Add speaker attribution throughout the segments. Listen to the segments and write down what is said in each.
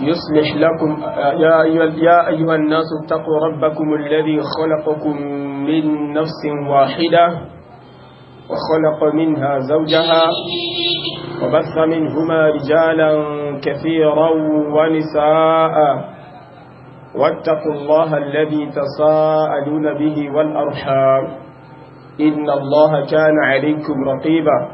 Speaker 1: يصلح لكم يا يا أيها الناس اتقوا ربكم الذي خلقكم من نفس واحدة وخلق منها زوجها وبث منهما رجالا كثيرا ونساء واتقوا الله الذي تساءلون به والأرحام إن الله كان عليكم رقيبا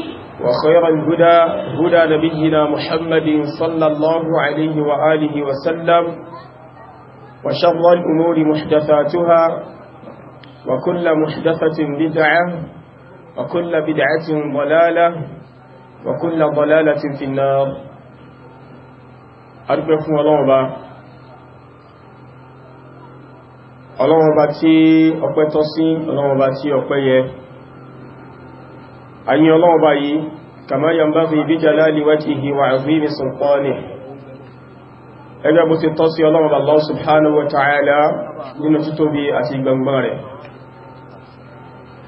Speaker 1: وخير الهدى هدى نبينا محمد صلى الله عليه وآله وسلم وشر الأمور محدثاتها وكل محدثة بدعة وكل بدعة ضلالة وكل ضلالة في النار أربكم ولوبا ọlọ́wọ́n bá tí ọpẹ́ tọ́ sí ọlọ́wọ́n bá tí ọpẹ́ yẹ ayin ọlọ́wọ́ báyìí kama yanbaghi bi jalali wajhihi wa azimi sultani ẹgbẹ́ bó ti tọ́ sí ọlọ́wọ́ Allah subhanahu wa ta'ala nínú títóbi àti gbangban rẹ̀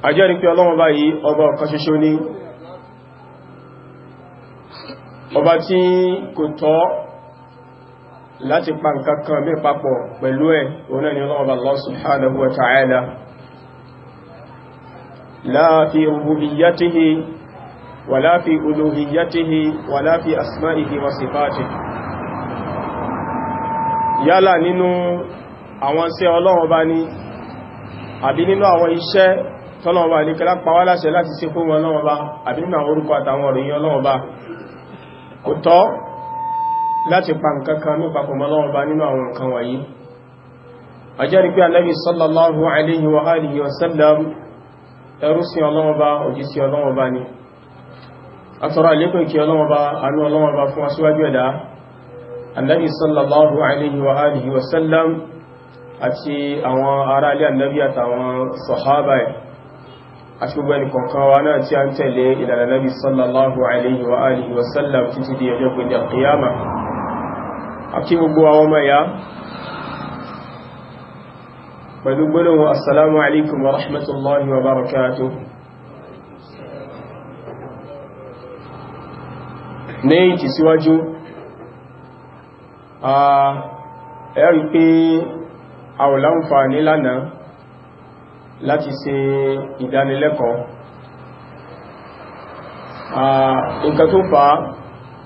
Speaker 1: ajẹ́rìí pé ọlọ́wọ́ láti pa nǹkan kan bí papọ̀ pẹ̀lú ẹ̀ òun náà ni ọlọ́wọ́ Allah subhanahu wa ta'ala لا في ربوبيته ولا في ألوهيته ولا في أسمائه وصفاته yálà nínú àwọn iṣẹ́ Ọlọ́run bá ní àbí nínú àwọn iṣẹ́ tọ́lọ́run bá ní kẹlá pàwà láṣẹ láti ṣe fún wọn Ọlọ́run bá àbí nínú àwọn orúkọ àtàwọn òròyìn Ọlọ́run bá kò tọ́ láti ẹrúsìn ọlọ́mọba òjísí ọlọ́mọba ni àtọrọ àlékún kí ọlọ́mọba àánú ọlọ́mọba fún aṣíwájú ẹ̀dá annabi sallallahu alaihi wa alihi wa sallam àti àwọn ará ilé annabi àtàwọn sahaba ẹ̀ àti gbogbo ẹni kọ̀ọ̀kan wa náà tí a ń tẹ̀lé ìlànà nabi sallallahu alaihi pẹ̀lú gbọ́nàwó assalamu alaikum wa rahmatullahi wa barakatuh ní ìtì síwájú a ẹ̀rí pé àwòlánfà ní lánàá láti ṣe ìdánilẹ́kọ̀ọ́ a nǹkan tó fà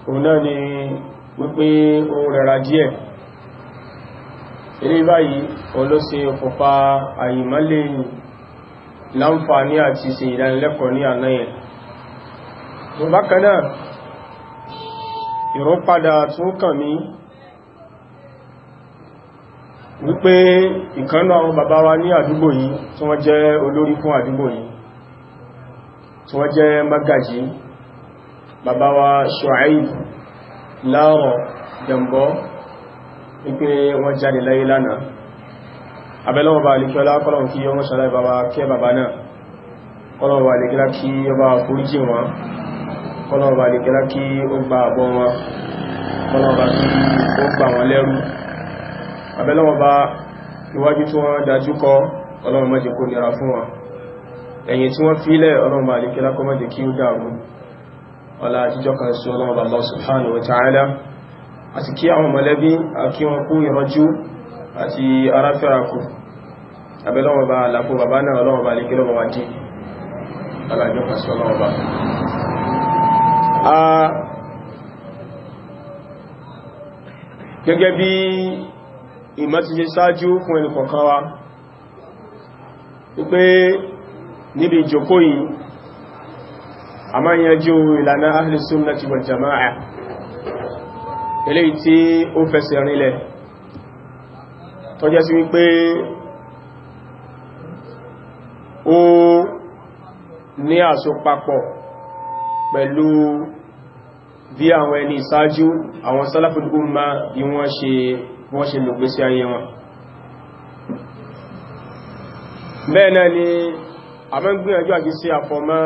Speaker 1: òun náà ni wípé ohun rẹ̀ra díẹ̀ ilé báyìí olóse òfòfà àyìmọ́lé láǹfààní àti ṣe ìdánilẹ́kọ̀ọ́ ní àná yẹn bákanáà ìrọ́padà tún kàn mí wípé ìkánú àwọn bàbá wa ní àdúgbò yìí tí wọ́n jẹ́ olórí fún àdúgbò yìí tí wọ́n jẹ́ magají bàbá wa Ṣuaib láàrọ̀ jẹmbọ́ wípé wọ́n jáde láyé lánàá abẹ́lọ́wọ́ bá alìkọ́lá kọ́lọ̀n kí yọ́n ṣàlá ìbàbá kí bàbá náà kọ́lọ̀n bá alìkọ́lá kí yọ́ bá fúrújì wọn kọ́lọ̀n bá alìkọ́lá kí ó gba àbọ̀ wọn kọ́lọ̀n bá kí ó gbà wọn lẹ́rú abẹ́lọ́wọ́ bá iwájú tí wọ́n dájú kọ́ ọlọ́run bá Allah subhanahu wa ta'ala àti kí àwọn mọ̀lẹ́bí àkí wọn kú ìrànjú àti aráfẹ́rakù abẹ́lọ́wọ̀ba àlàkù bàbá náà ọlọ́wọ̀ba lè gẹ́lọ́wọ̀ wá dí alájọ́ pàṣẹ ọlọ́wọ̀ba gẹ́gẹ́ bí ìmọ́tíje sáájú fún ẹni kọ̀ọ̀kan wa wípé níbi ìjókòó yìí a máa yanjú ìlànà ahlus sunnati wal jama'a eléyìí tí ó fẹsẹ̀ rinlẹ̀ tó jẹ́ sí wípé ó ní àsopapọ̀ pẹ̀lú bí àwọn ẹni ìsájú àwọn salaful umma bí wọ́n ṣe wọ́n ṣe lògbé sí ayé wọn bẹ́ẹ̀ náà ni a mọ́ gbìyànjú àti sí àfọ̀mọ́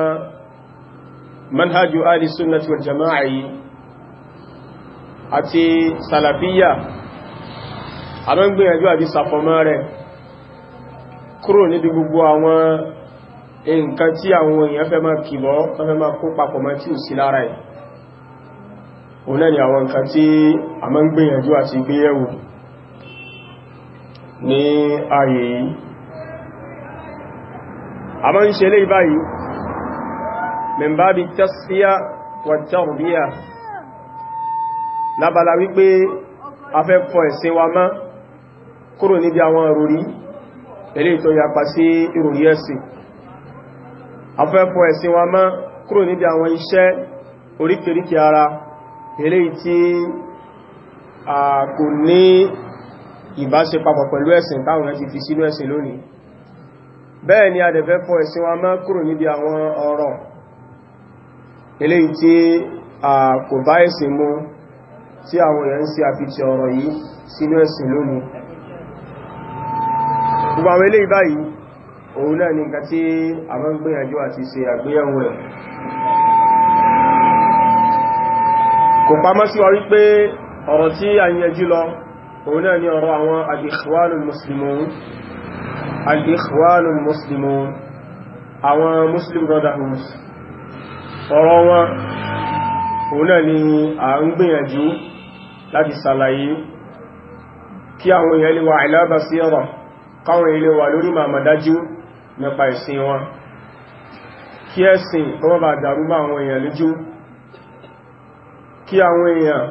Speaker 1: manhajú ahli sunnati jama'a yìí àti salafiyya àwọn gbìyànjú àti sàfọmọ́ rẹ̀ kúrò níbi gbogbo àwọn nǹkan tí àwọn èèyàn fẹ́ máa kìlọ̀ kan fẹ́ máa kó papọ̀ mọ́ tí ò sí lára ẹ̀ òun náà ni àwọn nǹkan tí a máa ń gbìyànjú àti gbéyẹ̀wò ní ààyè yìí a máa ń ṣe lè báyìí min babi tasfiya wa lábala wípé afẹ́ fọ ẹ̀sìn wa mọ́ kúrò níbi àwọn ìròrí eléyìí tó yapa sí ìròrí ẹ̀sìn afẹ́ fọ ẹ̀sìn wa mọ́ kúrò níbi àwọn iṣẹ́ oríkèríkè ara eléyìí tí a kò ní ìbáṣe papọ̀ pẹ̀lú ẹ̀sìn táwọn ẹ̀ ti fi sínú ẹ̀sìn lónìí bẹ́ẹ̀ ni a dẹ̀ fẹ́ fọ ẹ̀sìn wa mọ́ kúrò níbi àwọn ọ̀rọ̀ eléyìí tí a kò bá ẹ̀sìn mú tí àwọn èèyàn sí àfihàn ọ̀rọ̀ yìí sínú ẹ̀sìn lónìí gbogbo àwọn ilé ìbáyìí òun náà ní nǹkan tí a máa ń gbìyànjú àti ṣe àgbéyẹ̀wò ẹ̀ kò pamọ́ sí wa wípé ọ̀rọ̀ tí a yẹjú lọ òun náà ni ọ̀rọ̀ àwọn al-ikhwanul muslimun al-ikhwanul muslimun àwọn muslim brotherhood ọ̀rọ̀ wọn òun náà ni a ń gbìyànjú láti sàlàyé kí àwọn èèyàn lè wà àìlábà sí ọ̀rọ̀ káwọn èèyàn lè wà lórí màmàdájú nípa ìsìn wọn kí ẹ̀sìn kó má bàa dàrú mọ́ àwọn èèyàn lójú kí àwọn èèyàn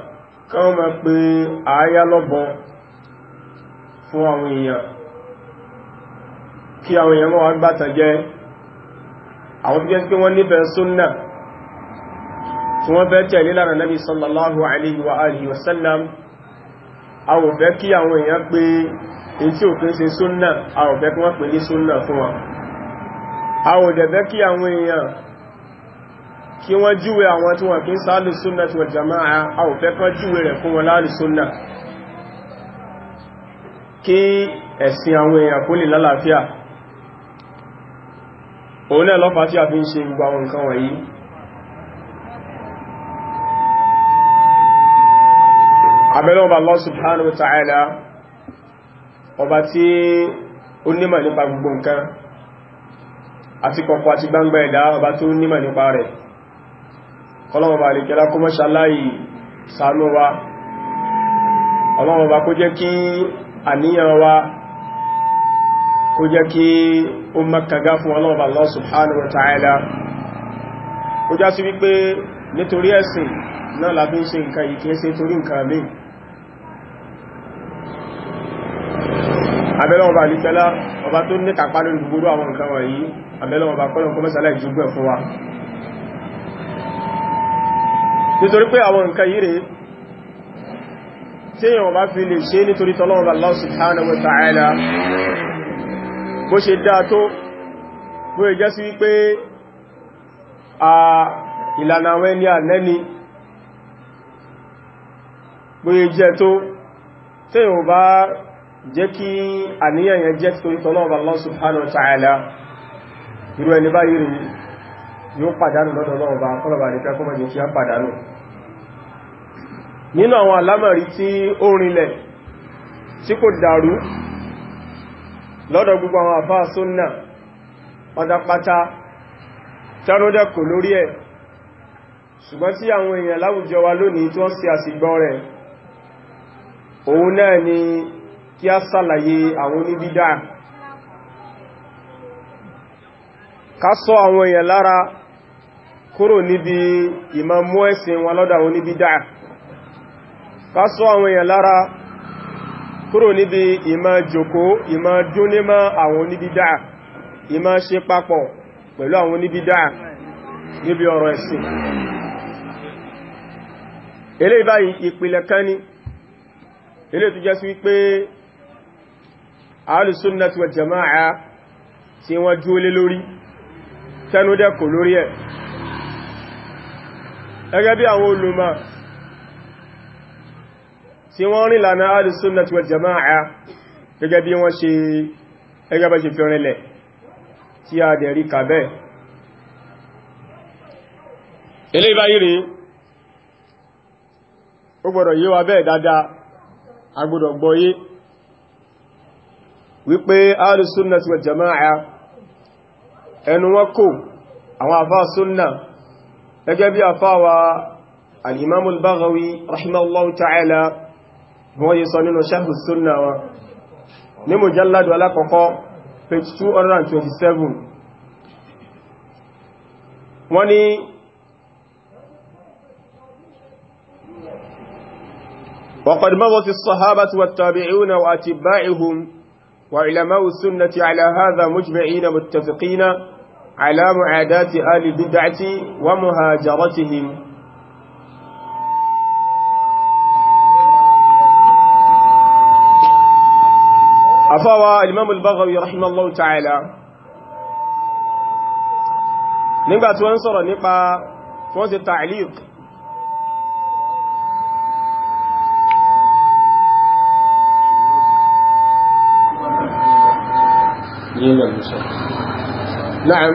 Speaker 1: kan mọ̀ pé àáyá lọ́bọn fún àwọn èèyàn kí àwọn èèyàn mọ́ wá gbátàn àwọn tó jẹ́ tí wọ́n fẹ́ tẹ̀lé lára nabi sallallahu alaihi wa alihi wasallam a ò fẹ́ kí àwọn èèyàn pé in tí òfin ṣe súnnà a ò fẹ́ kí wọ́n pè ní súnnà fún wọn a ò dẹ̀ fẹ́ kí àwọn èèyàn kí wọ́n júwe àwọn tí wọ́n kí ń sáàlù súnnà tí wọ́n jama'a a ò fẹ́ kán júwe rẹ̀ fún wọn láàlù súnnà kí ẹ̀sìn àwọn èèyàn kó lè lálàáfíà òun náà lọ́fà tí a fi ń ṣe gbogbo àwọn nǹkan wọ̀nyí abẹ́lẹ́ ọba Allah subhanahu wa ta'ala ọba tí ó nímọ̀ nípa gbogbo nǹkan àti kọ̀kọ̀ àti gbangba ẹ̀dá ọba tí ó nímọ̀ nípa rẹ̀ kọlọ́wọ́ba àríkẹ́lá kó mọ́ṣà láì sàánú kó jẹ́ kí nítorí ẹ̀sìn náà lábí ń ṣe nǹkan yìí kí torí nǹkan mìí àbẹ́lọ́wọ́ bá nífẹ́lá ọba tó ní kàpá lórí gbogbo àwọn nǹkan wọ̀nyí àbẹ́lọ́wọ́ bá kọ́lọ̀ kọ́ mẹ́sàlá ìjúgbẹ̀ fún wa nítorí pé àwọn nǹkan yìí rẹ̀ tí èyàn bá fi lè ṣe nítorí tọ́lọ́wọ́ Allah subhanahu wa ta'ala bó ṣe dáa tó bó ẹ jẹ́ sí wípé a ìlànà àwọn ẹni ànẹ́ni bó ẹ jẹ́ tó tí èyàn bá jẹ́ kí àníyàn yẹn jẹ́ torí tọ́lọ́ọ̀bà Allah subhanahu wa ta'ala irú ẹni báyìí rí yóò pàdánù lọ́dọ̀ lọ́ọ̀bà kọ́lọ̀bà nìkan kọ́mọ̀ jẹ́ kí á pàdánù nínú àwọn alámọ̀rí tí ó rinlẹ̀ tí kò dàrú lọ́dọ̀ gbogbo àwọn àfá súnnà pátápátá tẹ́rọdẹ́kò lórí ẹ̀ ṣùgbọ́n tí àwọn èèyàn láwùjọ wa lónìí tí wọ́n sì àsìgbọ́ rẹ̀ òun náà ni kí a sàlàyé àwọn oníbídá ká sọ àwọn èèyàn lára kúrò níbi ìmọ̀mú ẹ̀sìn wọn lọ́dọ̀ àwọn oníbídá ká sọ àwọn èèyàn lára kúrò níbi ìmọ̀ jòkó ìmọ̀ dúnímọ̀ àwọn oníbídá ìmọ̀ ṣe papọ̀ pẹ̀lú àwọn oníbídá níbi ọ̀rọ̀ ẹ̀sìn eléyìí báyìí ìpìlẹ̀ kan ni eléyìí tó jẹ́ sí wípé alùsùnnàtí wà jama'a tí wọ́n jólé lórí tẹnudẹ́kò lórí ẹ̀ ẹgẹ́ bí àwọn olùmọ̀ tí wọ́n rìn lànà alùsùnnàtí wà jama'a gẹ́gẹ́ bí wọ́n ṣe ẹgẹ́ bá ṣe fi rinlẹ̀ tí a dẹ̀ rí kàbẹ́ ilé wípé alùsúnnà ti wà jama'a ẹnu wọn kò àwọn àfá súnnà gẹ́gẹ́ bí àfá wa al'imamul baghawi rahimallahu ta'ala wọ́n yí sọ nínú ṣáhù súnnà wọn ní mujalladu alákọ̀ọ́kọ́ page 227 wọ́n ni وقد مضت الصحابة والتابعون وأتباعهم وعلماء السنة على هذا مجمعين متفقين على معاداة آل بدعة ومهاجرتهم أفوى الإمام البغوي رحمه الله تعالى نبقى تنصر نبقى تنصر تعليق yíyàn lọ́sọ̀ na'am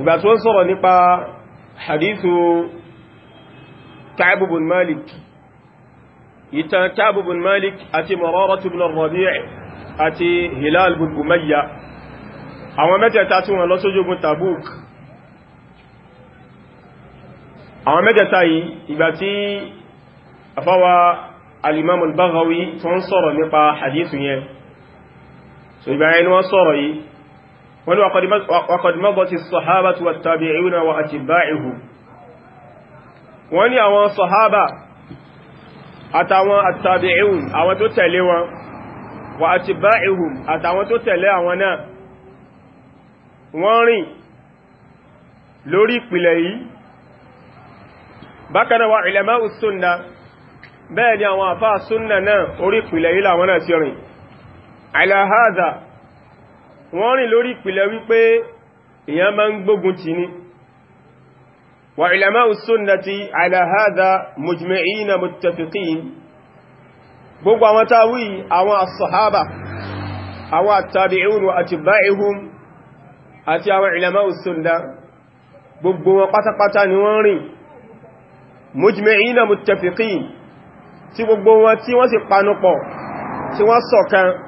Speaker 1: ìgbà tí wọ́n sọ̀rọ̀ nípa hadithu Ka'b ibn Malik ìtàn Ka'b ibn Malik àti Muraratu ibn Rabi' àti Hilal ibn Umayya àwọn mẹ́tẹ̀ẹ̀ta tí wọ́n lọ sójógun Tabuk àwọn mẹ́tẹ̀ẹ̀ta yìí ìgbà tí àfáwà al-Imam al-Baghawi tó ń sọ̀rọ̀ nípa hadithu yẹn so ìgbà ẹni wọ́n sọ̀rọ̀ yìí wọ́n ni wakọ̀dìmọ́bọ̀ ti sọ̀hábà tí wàtà bí i wọ́n àti bá'ihu wọ́n ni àwọn sọ̀hábà àtàwọn àtàbí'un àwọn tó tẹ̀lé wọn wà àti bá'ihu àtàwọn tó tẹ̀lé àwọn náà wọ́n rìn lórí ìpìlẹ̀ yìí bákan náà wà ìlẹ̀má sunna ala hadha wọ́n rìn lórí ìpìlẹ̀ wípé èyàn máa ń gbógun ti ní wa ulama'u sunnati ala hadha mujma'ina muttafiqin gbogbo àwọn táwí àwọn as-sahaba àwọn at-tabi'un wa atba'uhum àti àwọn ulama'u sunna gbogbo wọn pátápátá ni wọ́n rìn mujma'ina muttafiqin tí gbogbo wọn tí wọ́n sì panupọ̀ tí wọ́n ṣọ̀kan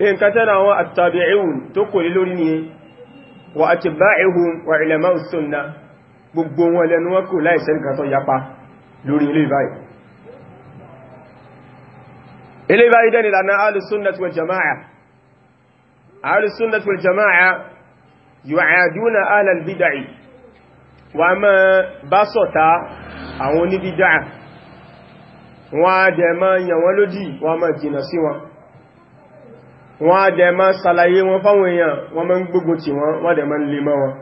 Speaker 1: nǹkan tẹ́lá àwọn àtàbí'íun tó kò lè lórí ní wà atba'ihum wà ulama sunna gbogbo wọn lẹ́nu wọn kò láìsẹ́ nǹkan tó yapa lórí ilé ìbáyìí ilé ìbáyìí dẹ́ni lànà alùsùnnat wal jama'a alùsùnnat wọ́n á dẹ̀ máa yàn wọ́n lódì wọ́n máa jìnà sí wọn wọ́n á dẹ̀ máa ṣàlàyé wọn fáwọn èèyàn wọ́n máa ń gbógun tì wọ́n wọ́n dẹ̀ máa ń lè mọ́ wọn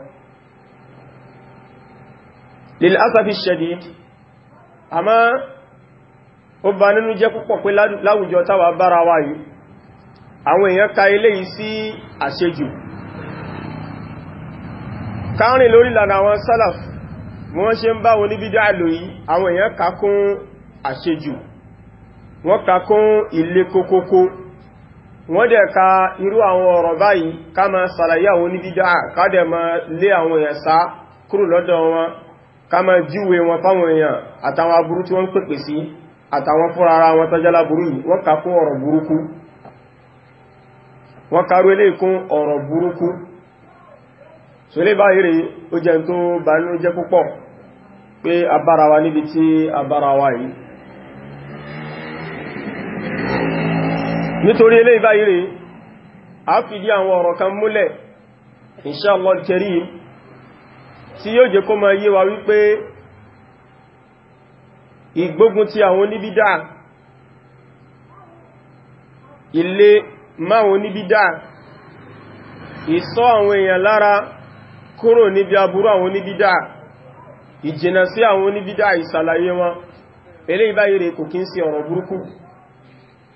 Speaker 1: lil asafi shadid àmá ó bá nínú jẹ́ púpọ̀ pé láwùjọ táwà bára wá yìí àwọn èèyàn ka ilé yìí sí àṣejù káàrin lórí lànà àwọn sálàf wọ́n ṣe ń bá wọn níbi dáàlò yìí àwọn èèyàn kakún àṣejù wọ́n kakún ilé kókókó wọ́n dẹ̀ ka irú àwọn ọ̀rọ̀ báyìí ká máa sàlàyé àwọn oníbídá ká dẹ̀ máa lé àwọn èèyàn sá kúrò lọ́dọ̀ wọn ká máa jíwe wọn fáwọn èèyàn àtàwọn aburú tí wọ́n ń pèpè sí àtàwọn fúnra ara wọn tọ́jálá burú yìí wọ́n kà kún ọ̀rọ̀ burúkú wọ́n kàrú ilé kún ọ̀rọ̀ burúkú so báyìí rí ó jẹ́ tó bá jẹ́ púpọ̀ pé abárawa níbi tí abárawa yìí nítorí ilé ìbáyìí rẹ̀ a fìdí àwọn ọ̀rọ̀ kan múlẹ̀ inshallah al-karim tí yóò jẹ́ kó máa yé wa wípé ìgbógun ti àwọn oníbídà ilé máwọn oníbídà ìsọ́ àwọn èèyàn lára kúrò níbi aburú àwọn oníbídà ìjìnà sí àwọn oníbídà ìsàlàyé wọn eléyìí báyìí rẹ̀ kò kí ń sí ọ̀rọ̀ burúkú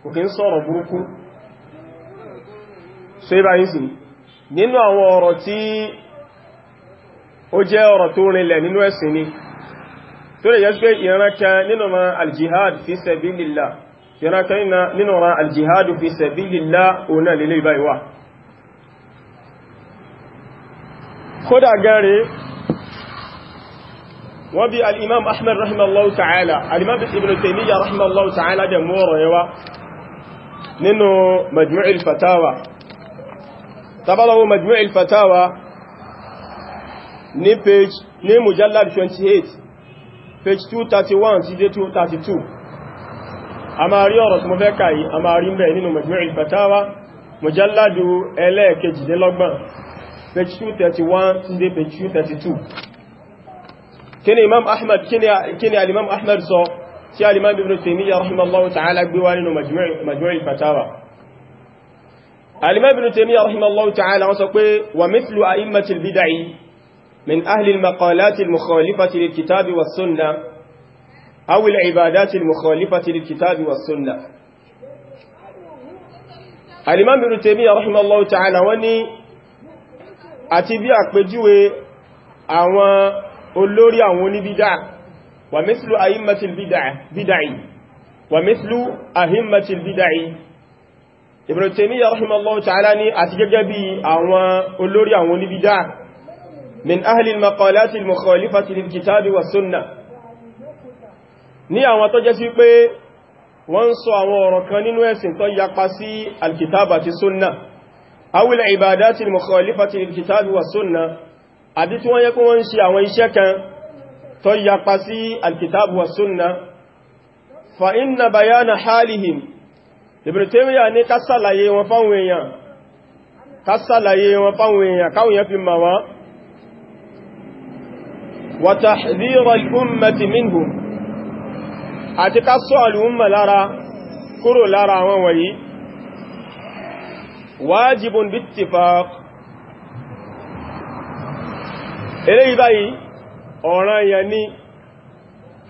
Speaker 1: kò kí ń sọ̀rọ̀ burúkú so ibá yìí sí nínú àwọn ọ̀rọ̀ tí ó jẹ́ ọ̀rọ̀ tó rinlẹ̀ nínú ẹ̀sìn ni tó lè jẹ́ pé ìrànkan nínú ma aljihad fi sabilillah ìrànkan nínú ma aljihad fi sabilillah òun náà lè lè báyìí wà kódà gẹ́rẹ́ wọ́n nínú majmu'il fatawa tabalawo majmu'il fatawa ní page ní mujallad 28 page 231 sí 232 a máa rí ọ̀rọ̀ tí mo fẹ́ kàyí a máa rí mẹ́ nínú majmu'il fatawa mujalladu ẹlẹ́ẹ̀kejìlélọ́gbọ̀n page 231 sí page 232 kí ni imam ahmad kí ni alimam ahmad so, tí al-Imam Ibn Taymiyyah rahimahullahu ta'ala gbé wá nínú Majmu' al-Fatawa al-Imam Ibn Taymiyyah rahimahullahu ta'ala wọ́n sọ pé wa mithlu a'immatil bid'ah min ahli al-maqalati al-mukhalifati kitabi was-sunnah aw al-ibadati kitabi was-sunnah al-Imam Ibn Taymiyyah rahimahullahu ta'ala wọ́n ní àti bí àpèjúwe àwọn olórí àwọn oníbídà ومثل أئمة البدع بدعي ومثل أئمة البدع Ibn Taymiyyah rahimahullahu ta'ala ní àti gẹ́gẹ́ bí àwọn olórí àwọn oníbídá min ahli al-maqalati al-mukhalifati lil-kitabi wa sunnah ní àwọn tó jẹ́ sí pé wọ́n sọ àwọn ọ̀rọ̀ kan nínú ẹ̀sìn tó yapa sí al-kitaba àti sunnah aw al-ibadati al-mukhalifati lil-kitabi wa sunnah àbí tí wọ́n yẹ kó wọ́n ṣe àwọn iṣẹ́ kan tó yapa sí alkitabu wa sunna fa inna bayana halihim Ibn Taymiyyah ní ká ṣàlàyé wọn fáwọn èèyàn ká ṣàlàyé wọn fáwọn èèyàn káwọn èèyàn fi mọ̀ wọ́n wa tahdhira al-ummati minhum àti ká ṣọ́ al-umma lára kúrò lára àwọn wọ̀nyí wajibun bittifaq eléyìí báyìí ọ̀ràn yẹn ní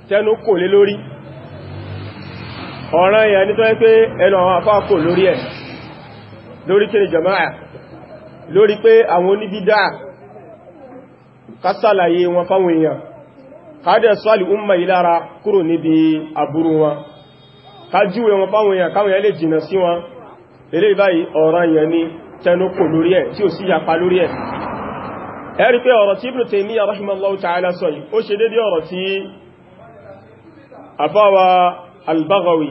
Speaker 1: tẹnu kò lé lórí ọ̀ràn yẹn ní tó yẹ pé ẹnu àwọn afá kò lórí ẹ̀ lórí kí ni jama'a lórí pé àwọn oníbídá kásàlàyé wọn fáwọn èèyàn káàdẹ̀ sọ́lì umma ìlara kúrò níbi àbúrú wọn kájúwé wọn fáwọn èèyàn káwọn èèyàn jìnà sí wọn eléyìí báyìí ọ̀ràn yẹn ni tẹnu lórí ẹ̀ tí ẹ̀rí pé ọ̀rọ̀ tí Ibn Taymiyyah rahimahullahu ta'ala sọ yìí ó ṣe dédé ọ̀rọ̀ tí àfáwà al-Baghawi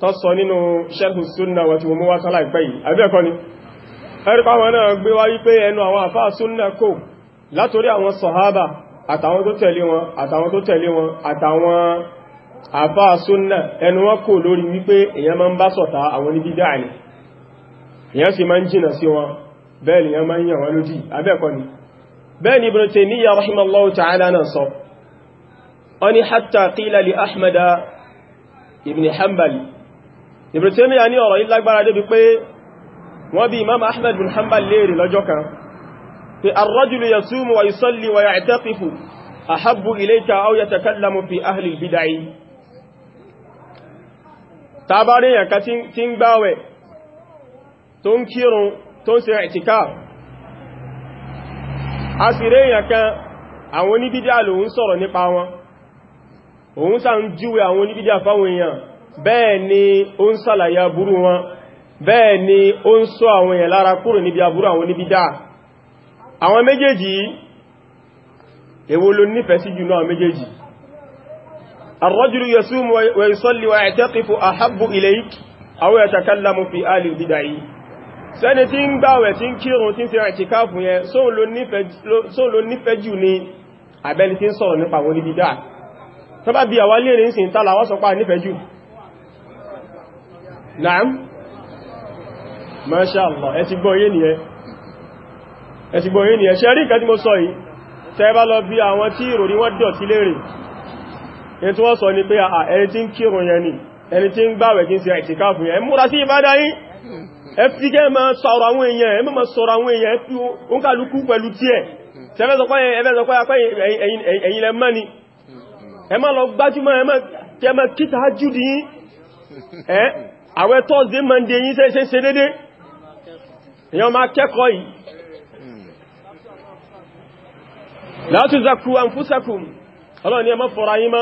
Speaker 1: tó sọ nínú sharhu sunna wà tí mo mú wá sálà ìpẹ́ yìí abẹ́ẹ̀kọ́ ni ẹ̀rí pàwọn náà gbé wá wípé ẹnu àwọn àfáà sunna kò látorí àwọn sọ̀hábà àtàwọn tó tẹ̀lé wọn àtàwọn tó tẹ̀lé máa ń bá sọ̀tá abẹ́ẹ̀kọ́ ni bẹ́ẹ̀ni ibn Taymiyyah rahimallahu ta'ala náà sọ ọni hatta qila li ahmada ibn hanbali ibn Taymiyyah ní ọ̀rọ̀ ilágbára débi pé wọ́n bi imam ahmad bin hanbal léèrè lọ́jọ́ kan pé ar-rajulu yasumu wa yusalli wa ya'taqifu ahabbu ilayka aw yatakallamu fi ahli al-bid'ah tàbárí ẹ̀ka tí ń gbáwẹ̀ tó ń kírun tó ń ṣe i'tikaf a sì rí èyàn kan àwọn oníbídíà lòun sọ̀rọ̀ nípa wọn òun sá ń júwe àwọn oníbídíà fáwọn èèyàn bẹ́ẹ̀ ni ó ń sàlàyé aburú wọn bẹ́ẹ̀ ni ó ń sọ àwọn èèyàn lára kúrò níbi aburú àwọn oníbídíà àwọn méjèèjì èwo ló sí jùlọ àwọn méjèèjì الرجل يصوم ويصلي ويعتكف أحب إليك أو يتكلم في آل البدع sẹ́ni tí ń gbàwẹ̀ tí ń kírun tí ń ṣe àìtíkáàfù yẹn sóun ló nífẹ̀ẹ́ jù ní àbẹ́ni tí ń sọ̀rọ̀ nípa àwọn oníbídá tó bá bí àwa léèrè ń sin tààlà wọ́n sọpá nífẹ̀ẹ́ jù naam Masha Allah ẹ ti gbọ́ yé nìyẹn ẹ ti gbọ́ yé nìyẹn ṣe rí nǹkan tí mo sọ yìí tẹ́ bá lọ bí àwọn tí ìròrí wọ́n dọ̀tí léèrè ẹni tí wọ́n sọ ni pé ẹni tí ń kírun yẹn ni ẹni tí ń gbàwẹ̀ kí ń ṣe àìtíkáàfù yẹn múra sí ìbádá yìí ẹfíkẹ́ ma sọ̀rọ̀ àwọn èèyàn ẹmọ́ ma sọ̀rọ̀ àwọn èèyàn tí ó ń kàlùkù pẹ̀lú tí ẹ̀ ẹ̀yìn lẹ mọ́ni ẹmọ́ lọ gbájúmọ́ ẹmọ́ kíta jùdí yí àwẹ́ Thursday Monday yí ṣe ṣe dédé èyàn ma kẹ́kọ̀ọ́ yìí láti zakú anfusakum ọlọ́ni ẹmọ́ fọ́ra yí ma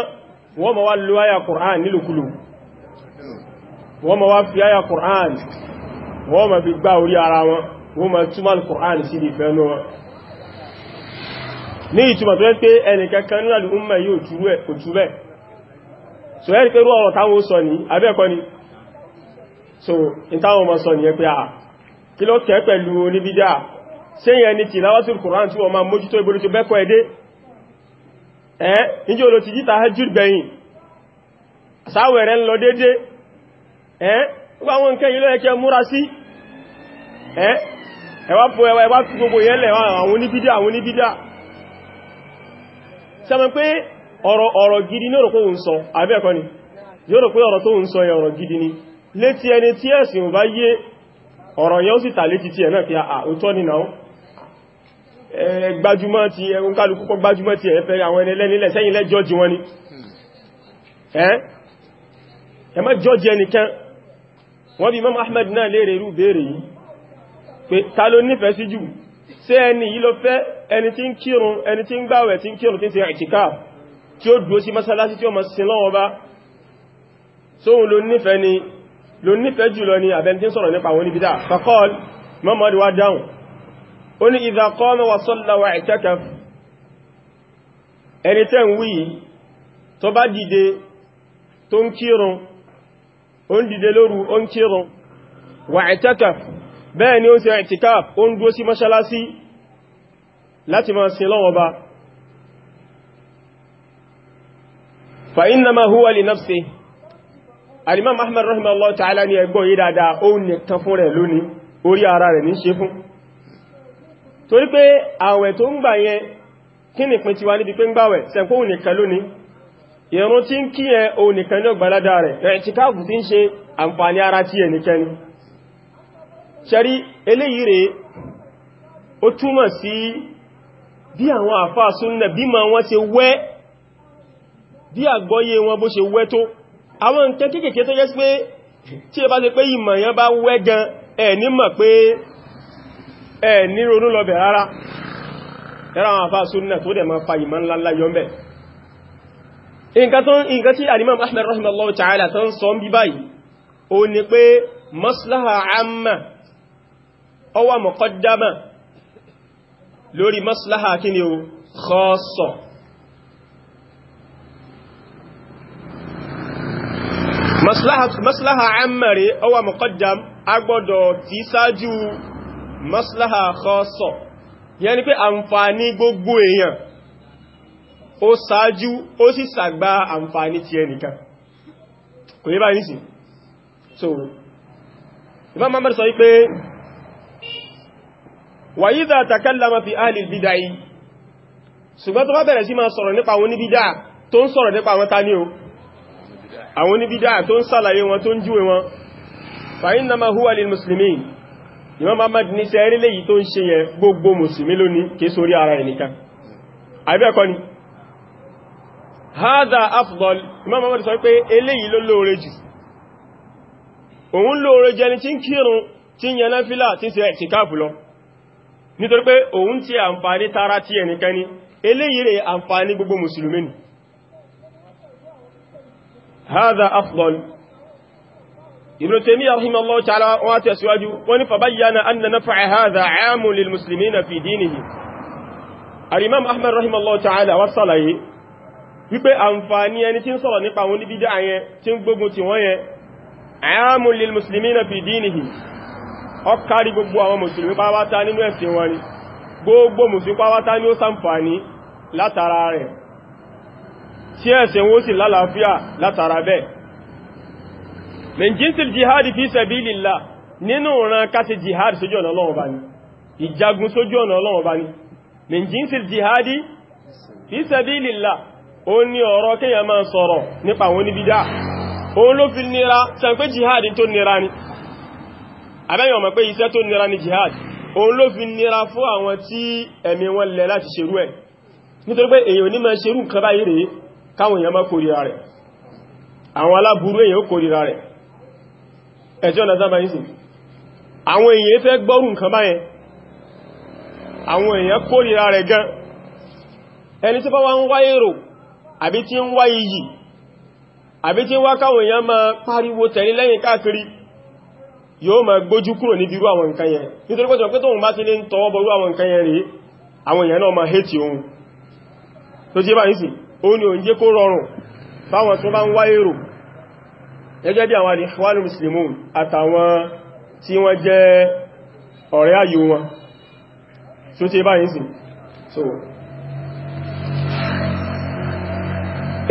Speaker 1: wọ́n ma wá lọ ayà Kùrán nílùkulù wọ́n ma wá fi ayà Kùrán wọ́n ma fi gbá orí ara wọn wọ́n ma túmọ̀ Al-Qur'an sí di fẹ́nu wọn ní ìtumọ̀ tó yẹ́ pé ẹnìkankan nínú àlùmọ̀ yóò tú bẹ́ẹ̀ so ẹni pé rú táwọn sọ ní abẹ́ẹ̀kọ́ ni so ìtawọn ọmọ sọ ní ẹ pé kí kẹ́ pẹ̀lú oníbídá tí wọ́n mójútó ìbòrò tó ẹdé ẹ́ olò ti jíta gbẹ̀yìn ń lọ ẹ́ àwọn nǹkan yìí ẹ́ ẹwà fún ẹwà ẹwà fún gbogbo yẹ́lẹ̀ àwọn oníbídá àwọn oníbídá sẹ́mọ̀ pé ọ̀rọ̀ gidi ní òrò kóhùn sọ àbí ẹ̀kọ́ ni yóò rò pé ọ̀rọ̀ tóhùn sọ yẹ ọ̀rọ̀ gidi ni létí ẹni tí ẹ̀sìn ò bá yé ọ̀rọ̀ yẹ́ ó sì tà létí o ẹ̀ náà ti kálukú ti ẹ̀fẹ́ àwọn ẹni lẹ́nilẹ̀ sẹ́yìn lẹ́ jọ́jì wọn ni wọ́n bí Ahmed náà pé ta ló nífẹ̀ẹ́ sí jù ṣé ẹni yìí ló fẹ́ ẹni tí ń kírun ẹni tí ń gbàwẹ̀ tí ń kírun tí ń ṣe àìtíkà tí ó dúró sí mọ́sálásí tí ó mọ́ sin lọ́wọ́ bá sóhun ló nífẹ̀ẹ́ ni ló nífẹ̀ẹ́ jùlọ ni àbẹ́ni tí ń sọ̀rọ̀ nípa àwọn oníbídà faqal Muhammad wá dáhùn ó ní idha qama wa salla wa i'takaf ẹni tẹ́ ń wí tó bá dìde tó ń kírun ó ń dìde lóru ó ń kírun wa i'takaf bẹ́ẹ̀ ni ó ń ṣe ẹ̀tìkáf ó ń dúó sí mọ́ṣálásí láti máa sin lọ́wọ́ bá fa innama huwa li nafsi alimam ahmad rahimahullah ta'ala ni ẹgbọ́n yí dáadáa ó ní kan fún rẹ̀ lónìí orí ara rẹ̀ ní ṣe fún torí pé àwẹ̀ tó ń gbà yẹn kí ni pín tiwa níbi pé ń gbàwẹ̀ sẹ́kọ́ òun nìkan lónìí ìrún tí ń kí yẹn òun nìkan ní ọgbàládà rẹ̀ ẹ̀tìkáf ti ń ṣe àǹfààní ara tí ẹnìkẹni ṣẹ́rí eléyìí rẹ̀ ó túmọ̀ sí bí àwọn àfáà súnnà bí ma wọ́n ṣe wẹ́ bí àgbọ́yé wọn bó ṣe wẹ́ tó àwọn nǹkan kéèkéé tó jẹ́ sí pé tí ẹ bá ṣe pé ìmọ̀ yẹn bá wẹ́ gan ẹ̀ ní mọ̀ pé ẹ̀ ní ronú lọ bẹ̀ rárá ẹ̀rọ àwọn maslaha amma ó wà muqaddama lórí maslaha kí ni o khassa maslaha ammari ó wà muqaddam agbọ́dọ̀ tí sáájú maslaha khassa yẹn ni pé àǹfààní gbogbo èèyàn ó sáájú ó sì sàgbà àǹfààní ti ẹnìkan kò yẹ báyìí sí so Imam Ahmad sọ wípé wa idha takallama fi ahli al-bid'ah ṣùgbọ́n tó bá bẹ̀rẹ̀ sí máa sọ̀rọ̀ nípa àwọn oníbídà tó ń sọ̀rọ̀ nípa àwọn tání o àwọn oníbídà tó ń sàlàyé wọn tó ń júwe wọn fa innama huwa lil muslimin ìwọ́n máa máa ní sẹ́ eré léyìí tó ń ṣe yẹn gbogbo mùsùlùmí lónìí kìí sórí ara ẹnìkan àbẹ́ẹ̀kọ́ ni nítorí pé òun ti àǹfààní tara ti ẹnikẹ́ni eléyìí rẹ̀ àǹfààní gbogbo mùsùlùmí ni hadha afdal ibn taymiyyah rahimahullahu ta'ala wọ́n ti ẹ̀síwájú wọ́n ni fabayyana anna nafa'a hadha 'amun lil muslimina fi dinihi al-imam ahmad rahimahullahu ta'ala wá sàlàyé wípé àǹfààní ẹni tí ń sọ̀rọ̀ nípa àwọn oníbídá yẹn tí ń gbógun ti wọ́n yẹn 'amun lil muslimina fi dinihi ọkárí gbogbo àwọn mùsùlùmí pàwátá nínú ẹ̀sìn wọn ni gbogbo mùsùlùmí pàwátá ni ó sàǹfàní látara rẹ̀ tí ẹ̀sìn wó sì lálàáfíà látara bẹ́ẹ̀ min jinsil jihadi fi sabilillah nínú ìran káti jihad sójú ọ̀nà Ọlọ́run bá ní ìjagun sójú ọ̀nà Ọlọ́run bá ní min jinsil jihadi fi sabilillah ó ní ọ̀rọ̀ kéèyàn máa sọ̀rọ̀ nípa àwọn oníbídá òun ló fi nira sàǹpé jihad tó nira ni abẹ́yàn mọ̀ pé iṣẹ́ tó nira ní jihad òun ló fi nira fún àwọn tí ẹ̀mí wọn lẹ láti ṣerú ẹ̀ nítorí pé èyàn ní máa ṣerú nǹkan báyìí rèé káwọn èèyàn máa kórìíra rẹ̀ àwọn aláburú èèyàn ó kórìíra rẹ̀ ẹ̀jọ́ ọ̀nà sábà yìí sì àwọn èèyàn fẹ́ gbọ́rù nǹkan báyẹn àwọn èèyàn kórìíra rẹ̀ gan ẹni tí bá ń wá èrò àbí tí ń wá iyì àbí tí ń wá káwọn èèyàn máa pariwo tẹ̀lé lẹ́yìn káàkiri yóò máa gbójú kúrò ní bírú àwọn nǹkan yẹn nítorí pọ́jọ pé tóun bá ti lè ń tọwọ́ bọrú àwọn nǹkan yẹn rí àwọn èèyàn náà máa hẹ́tì ohun tó jẹ́ bá ń sì ó ní òun kó rọrùn fáwọn tó bá ń wá èrò gẹ́gẹ́ bí àwọn àdìhwálù muslimun àtàwọn tí wọ́n jẹ́ ọ̀rẹ́ ayò wọn tó jẹ́ bá ń sì so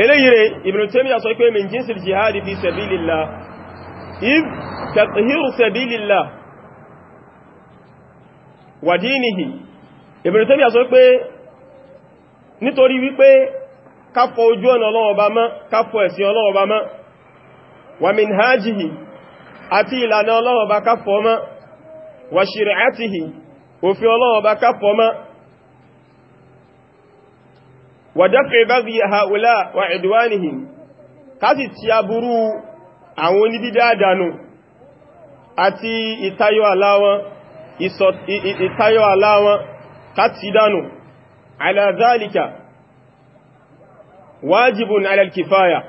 Speaker 1: eléyìí rẹ̀ Ibn Taymiyyah sọ pé min jinsil jihadi fi sabilillah تطهير سبيل الله ودينه Ibn Taymiyyah sọ pé nítorí wípé káfọ ojú ọ̀nà Ọlọ́run Ọba mọ́ káfọ ẹ̀sìn Ọlọ́run Ọba mọ́ wa minhajihi àti ìlànà Ọlọ́run wa shir'atihi òfin Ọlọ́run Ọba káfọ mọ́ wa wa àwọn àti ìtayọ aláwọn ìtayọ aláwọn káti dánù ala dhalika wájibun ala al-kifaya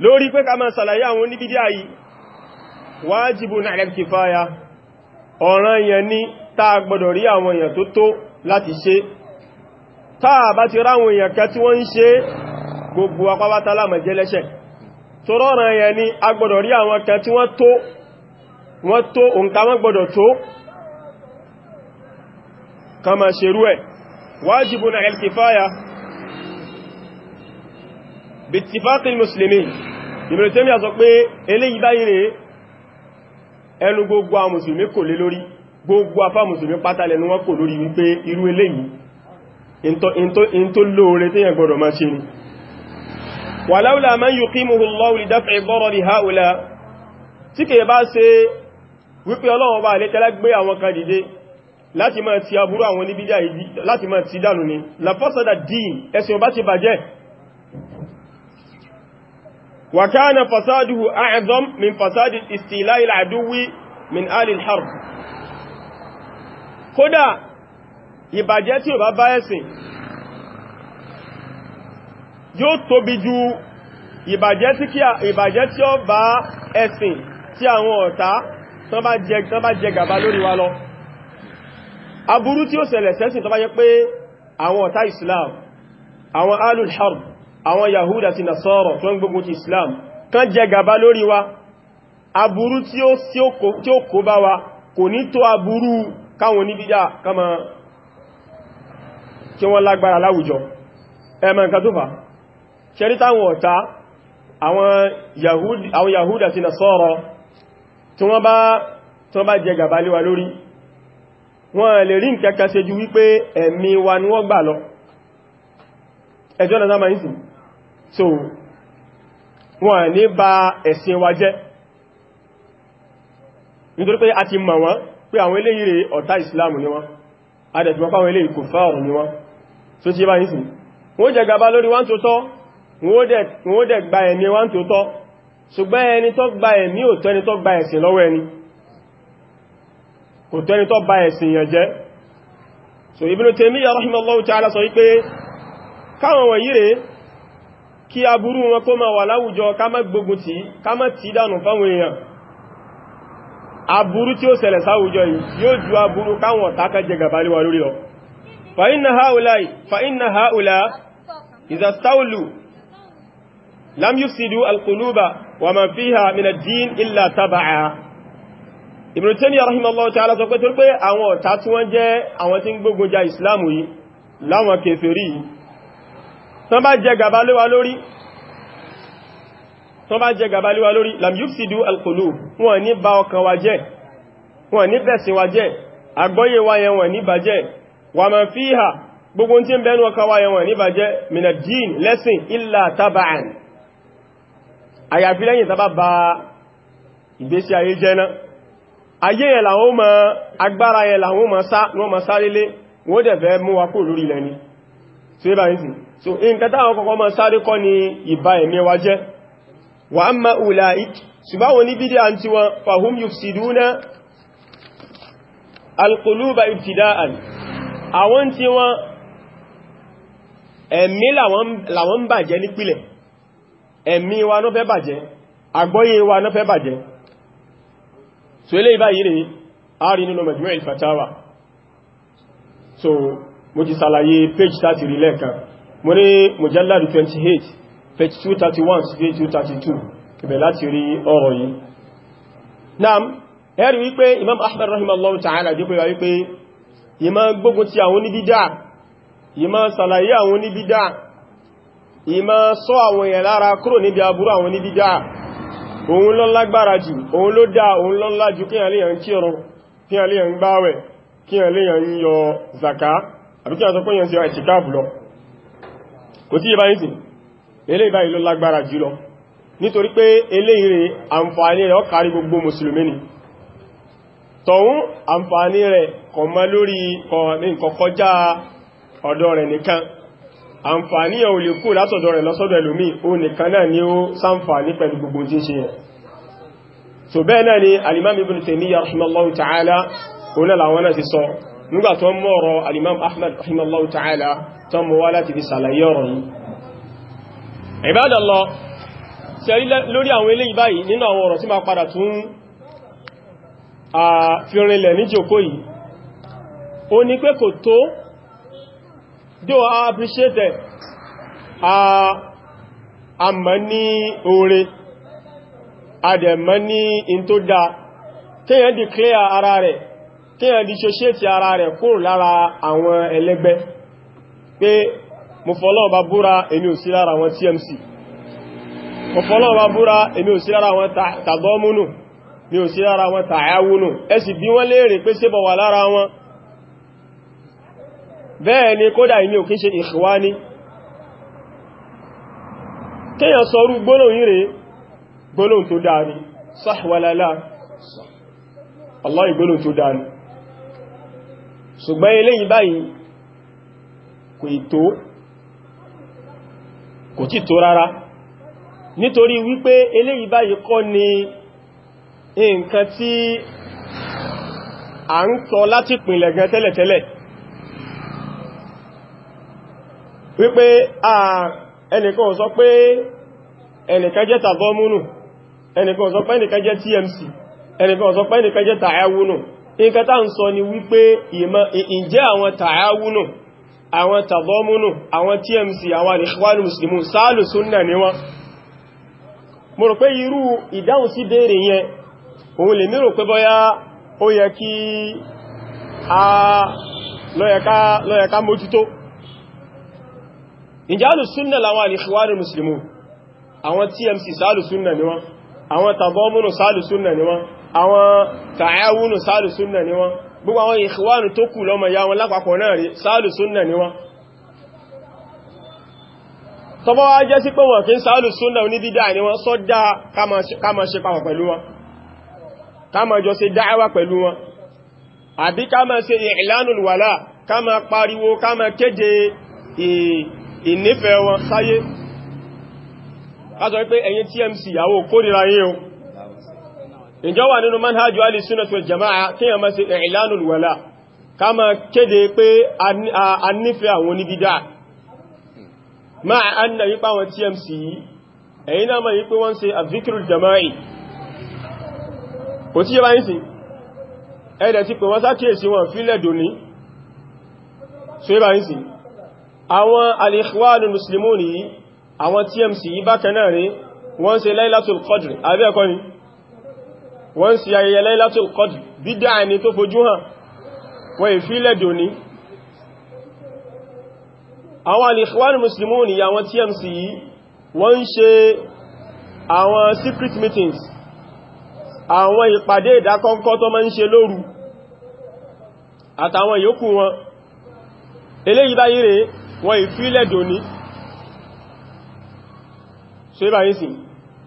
Speaker 1: lórí pé ká máa sàlàyé àwọn oníbídí àyí wájibun ala al-kifaya ọ̀ràn yẹn ní táa gbọdọ̀ rí àwọn èèyàn tó tó láti ṣe táa bá ti ráwọn èèyàn ká tí wọ́n ń ṣe gbogbo apábátálàmọ̀ jẹ́lẹ́ṣẹ̀ tó rọ́ràn yẹn ni a gbọ́dọ̀ rí àwọn kan tí wọ́n tó wọ́n tó òǹkà wọ́n gbọ́dọ̀ tó ká máa ṣerú ẹ̀ wajibun al-kifaya bittifaqil muslimin Ibn Taymiyyah sọ pé eléyìí báyìí rẹ̀ ẹnu gbogbo àwọn mùsùlùmí kò lé lórí gbogbo afá mùsùlùmí pátálẹ̀ wàláwùlà man yuqimuhu Allahu li daf'i darari haula tí kèé bá ṣe wípé ọlọ́run bá lẹ́tẹ́lá gbé àwọn kan dìde láti máa ti aburú àwọn oníbídíà yìí láti máa ti dànù ni lafasada dín ẹ̀sìn ọba ti bàjẹ́ wa kana fasaduhu yóò tóbi ju ìbàjẹ́ tí ó bá ẹ̀sìn tí àwọn ọ̀tá tán bá jẹ gàba lórí wa lọ aburú tí ó ṣẹlẹ̀ sẹ́sìn tó bá jẹ́ pé àwọn ọ̀tá Islam àwọn alul harb àwọn Yahuda àti Nasara tó ń gbógun ti Islam kan jẹ gàba lórí wa aburú tí ó kó bá wa kò ní tó aburú káwọn oníbídá kama kí wọ́n lágbára láwùjọ ẹ̀mọ̀ nǹkan tó fàá ṣẹ́rí táwọn ọ̀tá àwọn Yahudi àti Nasara tí wọ́n bá jẹ gàbálé wa lórí wọ́n lè rí nkẹ́kẹ́ ṣe ju wípé ẹ̀mí wa ni wọ́n gbà lọ ẹjọ́ na zama ìsìn so wọ́n ní bà ẹ̀sìn wa jẹ́ nítorí pé a ti mọ̀ wọ́n pé àwọn eléyìí ọ̀tá Islam ni wọ́n adẹ̀tùmọ́ fáwọn eléyìí kò fáwọn ni wọ́n so ti bá ìsìn wọ́n jẹ gàbá lórí wọ́n tó tọ́ wọ́n dẹ̀ gba ẹ̀mí wá tó tọ́ ṣùgbọ́n ẹni tó gba ẹ̀mí ò tẹ́ni tó gba ẹ̀sìn lọ́wọ́ ẹni kò tẹ́ni tó ba ẹ̀sìn yẹn jẹ́ so Ibn Taymiyyah rahimahullahu ta'ala sọ wípé káwọn wọ̀nyí rẹ̀ kí ma wà láwùjọ ká má gbógun tì ká má tì dànù fáwọn èèyàn aburú tí ju aburú káwọn ọ̀tákà jẹ gàbálíwà fa inna haula fa inna haula idha stawlu lam yufsidu alquluba wa man fiha min ad-din illa tabaa Ibn Taymiyyah rahimahullah ta'ala sọ pé tó pé àwọn ọ̀tá tí wọ́n jẹ́ àwọn tí ń gbógun ja islam yìí láwọn kèfèrí tán bá jẹ gàba lé wa lórí tán bá jẹ gàba lé wa lórí lam yufsidu alqulub wọ́n ní ba ọkàn wa jẹ́ wọ́n ní bẹ̀sìn wa jẹ́ àgbọ́yé wa yẹn wọ́n ní bàjẹ́ wa man fiha gbogbo tí ń bẹnu ọkàn wa yẹn wọ́n ní bàjẹ́ min din lẹ́sìn illa taba'an àyàfi lẹ́yìn tàbá ba ìgbésí ayé jẹ́ná ayé yẹn làwọn ó máa agbára yẹn làwọn ó máa sá wọ́n máa sá lélé wọ́n dẹ̀ fẹ́ mú wa kó lórí ilẹ̀ ni tí ó bá ń sìn so nǹkan táwọn kọ́kọ́ máa sáré kọ́ ni ìbá ẹ̀mí àwọn tí wọn ẹ̀mí làwọn bàjẹ́ nípìlẹ̀ ẹ̀mí wa náà fẹ́ bàjẹ́ àgbọ́yé wa náà fẹ́ bàjẹ́ so ilé ìbáyìí rí ààrin nínú Majmu' al-Fatawa so mo ti sàlàyé page 30 rí lẹ́ẹ̀kan mo ní mujalladu 28 page 231 sí 232 ibẹ̀ láti rí ọ̀rọ̀ yìí naam ẹ̀rí wípé Imam Ahmad rahimahullahu ta'ala dípò wá wípé ìmá gbógun ti àwọn oníbídà ìmá sàlàyé àwọn oníbídà ìmá sọ àwọn èèyàn lára kúrò níbi aburú àwọn níbi dáa òun ló lágbára jù òun ló dáa òun ló ńlá jù kíyàn léyàn kírun kíyàn léyàn gbáwẹ̀ kíyàn léyàn yọ zaka àbí kíyàn tó pínyàn sí ẹ̀tìkáàbù lọ kò tí ìbáyìí sí eléyìí báyìí ló lágbára jù lọ nítorí pé eléyìí rẹ̀ àǹfààní rẹ̀ ọ̀dọ̀ rẹ̀ nìkan àǹfààní ẹ̀ ò lè kú látọ̀dọ̀ rẹ̀ lọ́sọ́dọ̀ ẹlòmí o nìkan náà ni ó sáǹfààní pẹ̀lú gbogbo tí ń ṣe ẹ̀ so bẹ́ẹ̀ náà ni alimam ibn Taymiyyah rahimallahu ta'ala o náà làwọn náà ti sọ nígbà tó mọ́ ọ̀rọ̀ alimam Ahmad rahimallahu ta'ala tó mọ́ wá láti fi sàlàyé ọ̀rọ̀ yìí Ibadallah sẹ́rí lórí àwọn eléyìí báyìí nínú àwọn ọ̀rọ̀ tí ma padà tún though I appreciate it a mọ̀ money. oore a dẹ̀ mọ̀ ní in tó dáa declare ara rẹ̀ kíyàn dissociate ara rẹ̀ kúrò lára àwọn ẹlẹ́gbẹ́ pé mo fọ́lọ́ bá búra èmi ò sí lára àwọn TMC mo fọ́lọ́ bá búra èmi ò sí lára àwọn tàdọ́múnù mi ò sí lára àwọn tàyáwúnù ẹ sì bí wọ́n léèrè pé ṣébọ̀ wà bẹ́ẹ̀ ni kódà ìní ò kí ṣe ikhwani kíyàn sọrú gbólóhùn yìí rẹ̀ gbólóhùn tó dáa ni sah walala Allahi gbólóhùn tó dáa ni ṣùgbọ́n eléyìí báyìí kò ìtò kò tí tó rárá nítorí wípé eléyìí báyìí kọ́ ni nǹkan tí a ń sọ láti pìnlẹ̀ gan tẹ́lẹ̀tẹ́lẹ̀ wípé ẹnìkan sọ pé ẹnìkan jẹ́ tàbọ́múnù ẹnìkan sọ pé ẹnìkan jẹ́ tmc ẹnìkan sọ pé ẹnìkan jẹ́ tàyáwúnù nǹkan ni ń sọ ni wípé ìjẹ́ àwọn tàyáwúnù àwọn tmc àwọn àdìsíwánù lọ́yẹ̀ká mójútó ǹjẹ́ alùsúnnà làwọn al-Ikhwanul Muslimun àwọn TMC sálùsúnnà ni wọ́n àwọn tàbọ́mùnù sálùsúnnà ni wọ́n àwọn tààwùnù sálùsúnnà ni wọ́n gbogbo àwọn ìṣwánù tó kù lọ́mọ ya wọn lápapọ̀ náà rí sálùsúnnà ni wọ́n tọba wá jẹ́ sí pé wọ́n kí sálùsúnnà ní dídá ni wọ́n sọ dá káma ṣe papọ̀ pẹ̀lú wọn káma jọ ṣe dáẹwà pẹ̀lú wọn àbí káma ṣe ìlànà wàlá káma pariwo káma kéde ìnífẹ̀ẹ́ wọn sáyé kásọ̀ wípé ẹ̀yin TMC àwọ kórìíra yín o ìjọ wà nínú manhajjú alìsúnàtò jama'a kí yàn máa ṣe ìlànul wàlá ká ma kéde pé a nífẹ̀ẹ́ àwọn oníbídá máa an na yípa àwọn TMC ẹ̀yin náà ma yípe wọ́n ṣe àzíkìrìl jama'i kò tí yẹ báyìí sí ẹ̀dẹ̀ ti pè wọ́n sákíyèsí wọn fílẹ̀ dòní so yẹ báyìí sí àwọn al-ikhwan al-muslimuni àwọn TMC yí bákan náà rí wọ́n ṣe Lailatul Qadr àbí ẹ̀kọ́ ni wọ́n ṣe ayẹyẹ Lailatul Qadr bídá ẹni tó fojú hàn wọ́n ìfílẹ̀ dòní àwọn al-ikhwan al-muslimuni àwọn TMC yí wọ́n ṣe àwọn secret meetings àwọn ìpàdé ìdákọ́ńkọ́ tó máa ń ṣe lóru àtàwọn yòókù wọn eléyìí báyìí rèé wọ́n ìfílẹ̀ dòní so ibà yìí sí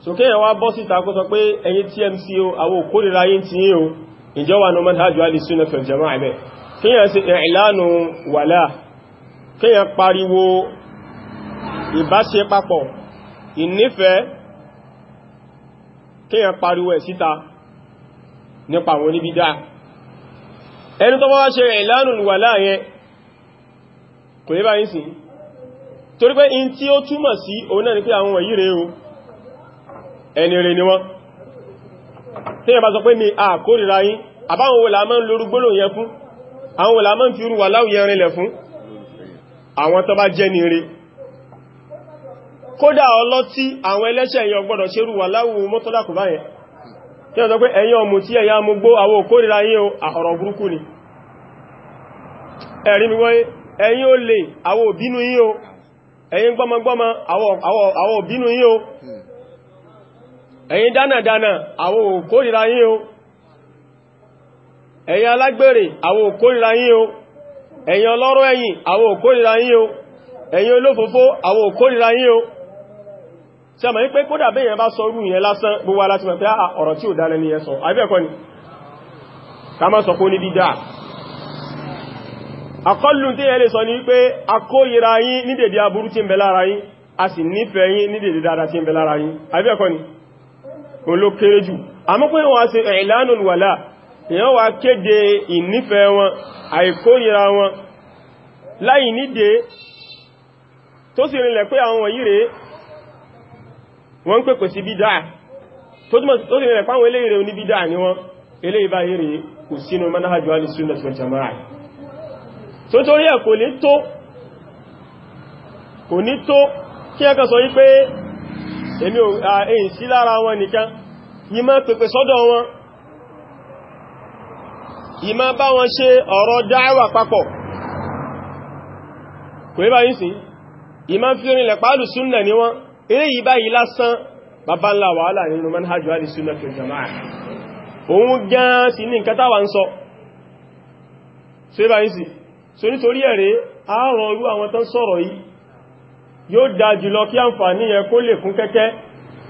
Speaker 1: sókè yẹn wá bọ́ síta kó sọ pé ẹ̀yin TMC o àwọn òkúrìra yìí ti yìí o ìjọwà ní manhajjú alìsúnà fẹ̀ jama ẹ̀bẹ̀ kíyàn sí ìlànà wàlá kíyàn pariwo ìbáṣe papọ̀ ìnífẹ́ kíyàn pariwo ẹ̀ síta nípa àwọn oníbídá ẹni tó bá wá ṣe ìlànà wàlá yẹn kò yẹ báyìí sí torí pé in tí ó túmọ̀ sí òun náà ni pé àwọn wọ̀nyí rẹ̀ o ẹni rẹ̀ ni wọ́n tí yẹn bá sọ pé mi àkórìíra yín àbáwọn wo la máa ń lórú gbólóhùn yẹn fún àwọn wo la máa ń fi irú wà láwùyẹ rinlẹ̀ fún àwọn tó bá jẹ́ ni rẹ̀ kódà ọlọ́tí àwọn ẹlẹ́ṣẹ̀ yẹn gbọ́dọ̀ ẹ̀yin ó lè àwọn òbínú yí o ẹ̀yin gbọ́mọgbọ́mọ àwọn òbínú yí o ẹ̀yin dánàdánà àwọn okorira yí o ẹ̀yin alágbèrè àwọn okorira yí o ẹ̀yin ọlọ́rọ̀ ẹ̀yìn àwọn okorira yí o ẹ̀yin olófófó àwọn okorira yí o tí a mọ̀ wípé bá sọ lásán gbogbo aláti ah, sọ àbẹ́ẹ̀kọ́ ni ká má àkọlù tí ẹ lè sọ ní pé akóyìra yín ní dèdè aburú tí ń bẹ lára yín a sì nífẹ̀ẹ́ yín ní dèdè dáadáa tí ń bẹ lára yín àbí ẹ̀kọ́ ni o ló kéré jù àmọ́ pé wọ́n ṣe i'lanul wala èyàn wà kéde ìnífẹ̀ẹ́ wọn àìkóyìra wọn láì sí bídà tó sì rinlẹ̀ pé àwọn eléyìí ni wọ́n eléyìí báyìí rèé kò sínú manhaju al-sunnah wal jamaa'ah so torí ẹ̀ kò ní tó kò ní tó kí ẹkà sọ wípé èmi ò èyìn sí lára wọn nìkan ìmá pèpè sọ́dọ̀ wọn ìmá bá wọn ṣe ọ̀rọ̀ dáwà papọ̀ kò ní báyìí sí ìmá fi orinlẹ̀ pàálù súnnà ní wọn eré yìí báyìí lásán bàbá ńlá wàhálà nínú manhajjú alìsúnnà tó jama'a òun gan sí ní nǹkan táwà ń sọ ṣe báyìí sí so nítorí ẹ̀rẹ́ àárọ̀ orú àwọn tán sọ̀rọ̀ yìí yóò dá jùlọ kí àǹfààní yẹ kó lè kún kẹ́kẹ́